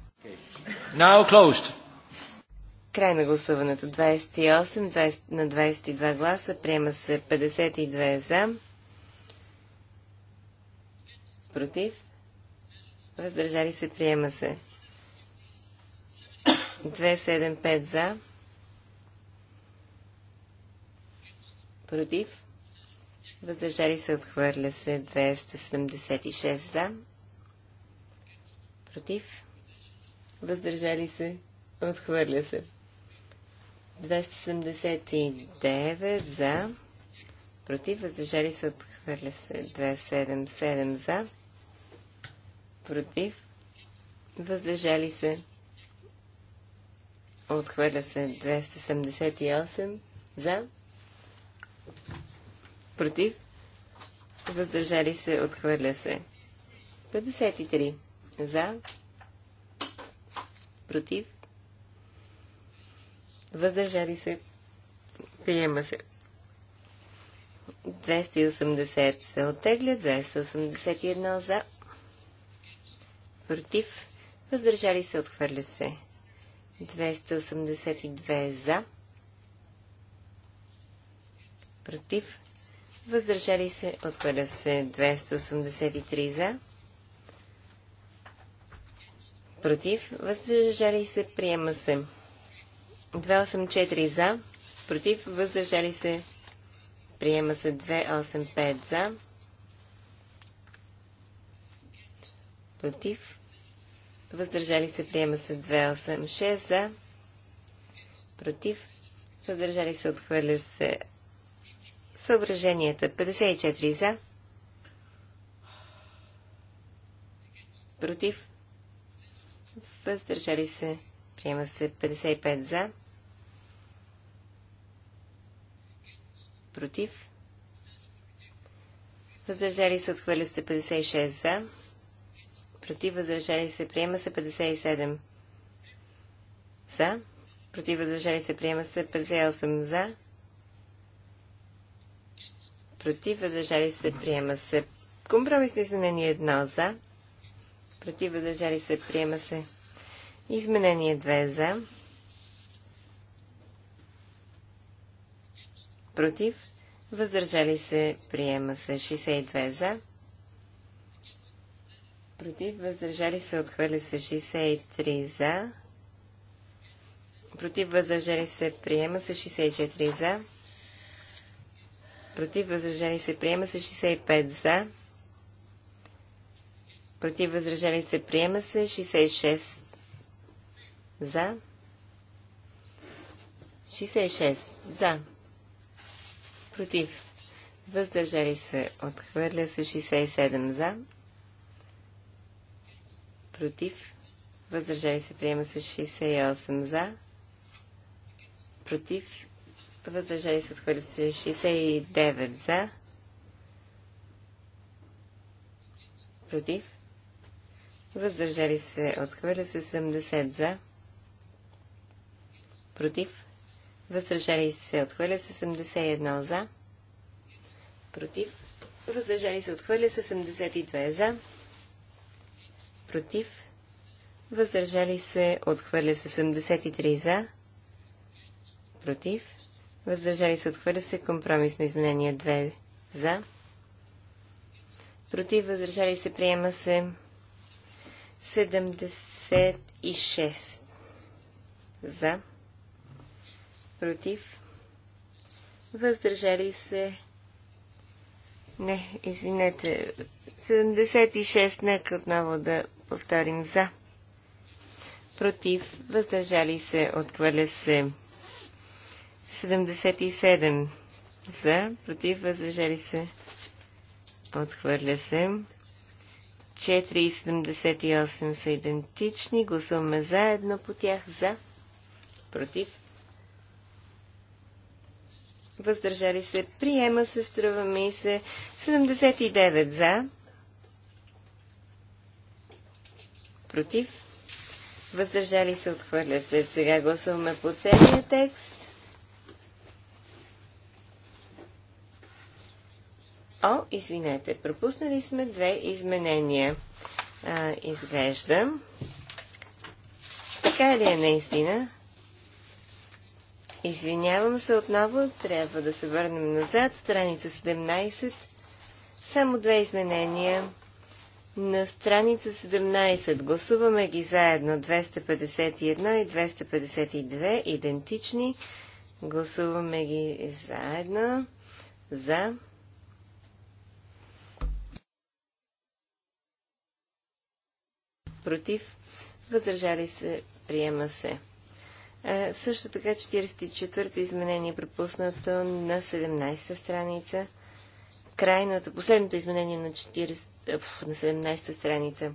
Now closed. Край на гласуването. 28 20, на 22 гласа. Приема се 52 за. Против. Въздържали се. Приема се. 275 за против, въздържали се, отхвърля се 276 за, против, въздържали се, отхвърля се 279 за, против, въздържали се, отхвърля се 277 за, против, въздържали се, отхвърля се 278 за, против, въздържали се, отхвърля се. 53 за, против, въздържали се, приема се. 280 се оттегля, 281 за, против, въздържали се, отхвърля се. 282 за, против, въздържали се, отхвърля се 283 за, против, въздържали се, приема се 284 за, против, въздържали се, приема се 285 за, против, въздържали се, приема се 286 за, против, въздържали се, отхвърля се Съображенията 54 за. Против. Въздържали се. Приема се 55 за. Против. Въздържали се. Отхвърля се 56 за. Против. Въздържали се. Приема се 57 за. Против. Въздържали се. Приема се 58 за против, въздържали се, приема се. Компромисни изменение 1 за, против, въздържали се, приема се. Изменение 2 за, против, въздържали се, приема се. 62 за, против, въздържали се, отхвърли се. 63 за, против, въздържали се, приема се. 64 за, против, възражени се, приема се 65 за, против, възражени се, приема се 66 за, 66 за, против, въздържали се, отхвърля се 67 за, против, въздържали се, приема се 68 за, против, въздържали се, отхвърля се 69 за, против, въздържали се, отхвърля се 70 за, против, въздържали се, отхвърля се 71 за, против, въздържали се, отхвърля се 72 за, против, въздържали се, отхвърля се 73 за, против, въздържали се, отхвърля се, компромисно изменение 2 за, против, въздържали се, приема се 76 за, против, въздържали се, не, извинете, 76, нека отново да повторим за, против, въздържали се, отхвърля се 77 за, против, въздържали се, отхвърля се. 4 и 78 са идентични. Гласуваме заедно по тях за, против. Въздържали се, приема се, струва ми се. 79 за, против. Въздържали се, отхвърля се. Сега гласуваме по целия текст. О, извинете, пропуснали сме две изменения. А, изглеждам. Така ли е наистина? Извинявам се отново, трябва да се върнем назад. Страница 17. Само две изменения. На страница 17 гласуваме ги заедно 251 и 252, идентични. Гласуваме ги заедно за против, въздържали се, приема се. А, също така 44-то изменение пропуснато на 17-та страница. Крайното, последното изменение на, 40, на 17-та страница.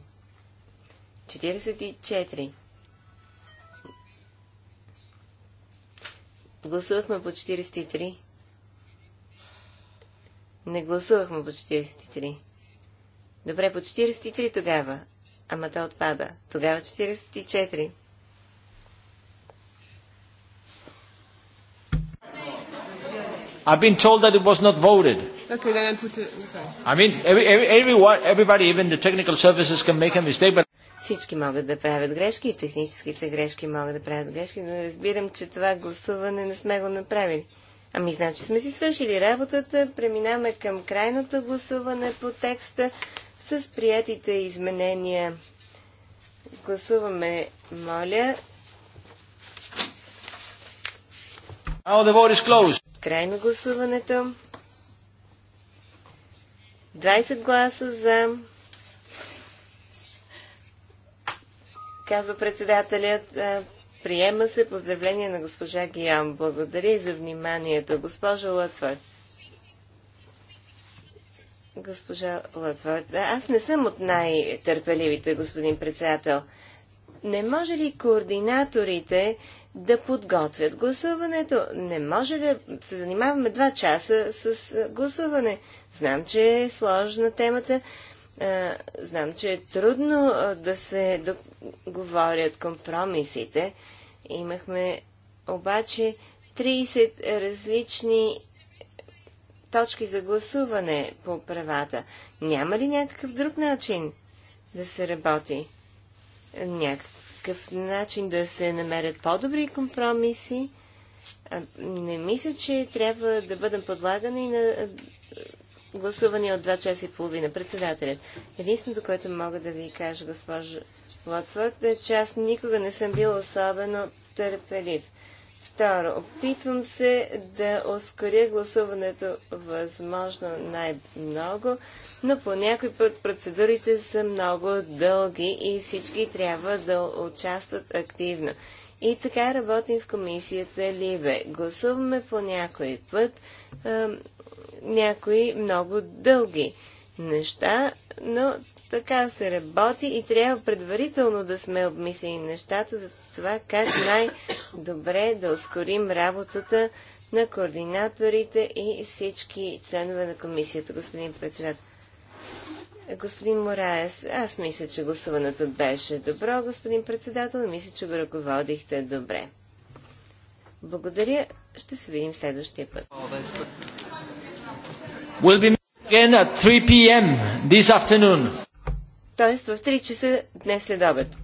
44. Гласувахме по 43. Не гласувахме по 43. Добре, по 43 тогава ама той отпада. Тогава 44. I've been told that it was not voted. Okay, then I put it. Sorry. I mean, every, every, everybody, even the technical services can make a mistake, but всички могат да правят грешки и техническите грешки могат да правят грешки, но разбирам, че това гласуване не сме го направили. Ами, значи сме си свършили работата, преминаваме към крайното гласуване по текста. С приятите изменения гласуваме, моля. Край на гласуването. 20 гласа за. Казва председателят. Приема се поздравление на госпожа Гиан. Благодаря и за вниманието, госпожа Лътфорд. Госпожа Лътвард, аз не съм от най-търпеливите, господин председател. Не може ли координаторите да подготвят гласуването? Не може да се занимаваме два часа с гласуване. Знам, че е сложна темата. Знам, че е трудно да се договорят компромисите. Имахме обаче 30 различни точки за гласуване по правата. Няма ли някакъв друг начин да се работи? Някакъв начин да се намерят по-добри компромиси? Не мисля, че трябва да бъдем подлагани на гласуване от 2 часа и половина. Председателят. Единственото, което мога да ви кажа, госпожа Лотфорд, е, че аз никога не съм бил особено търпелив. Второ, опитвам се да ускоря гласуването възможно най-много, но по някой път процедурите са много дълги и всички трябва да участват активно. И така работим в комисията Либе. Гласуваме по някой път някои много дълги неща, но така се работи и трябва предварително да сме обмислили нещата за това как най-добре да ускорим работата на координаторите и всички членове на комисията, господин председател. Господин Мораес, аз мисля, че гласуването беше добро, господин председател, мисля, че го ръководихте добре. Благодаря. Ще се видим следващия път. We'll be again at 3 p.m. this afternoon т.е. в 3 часа днес след обед.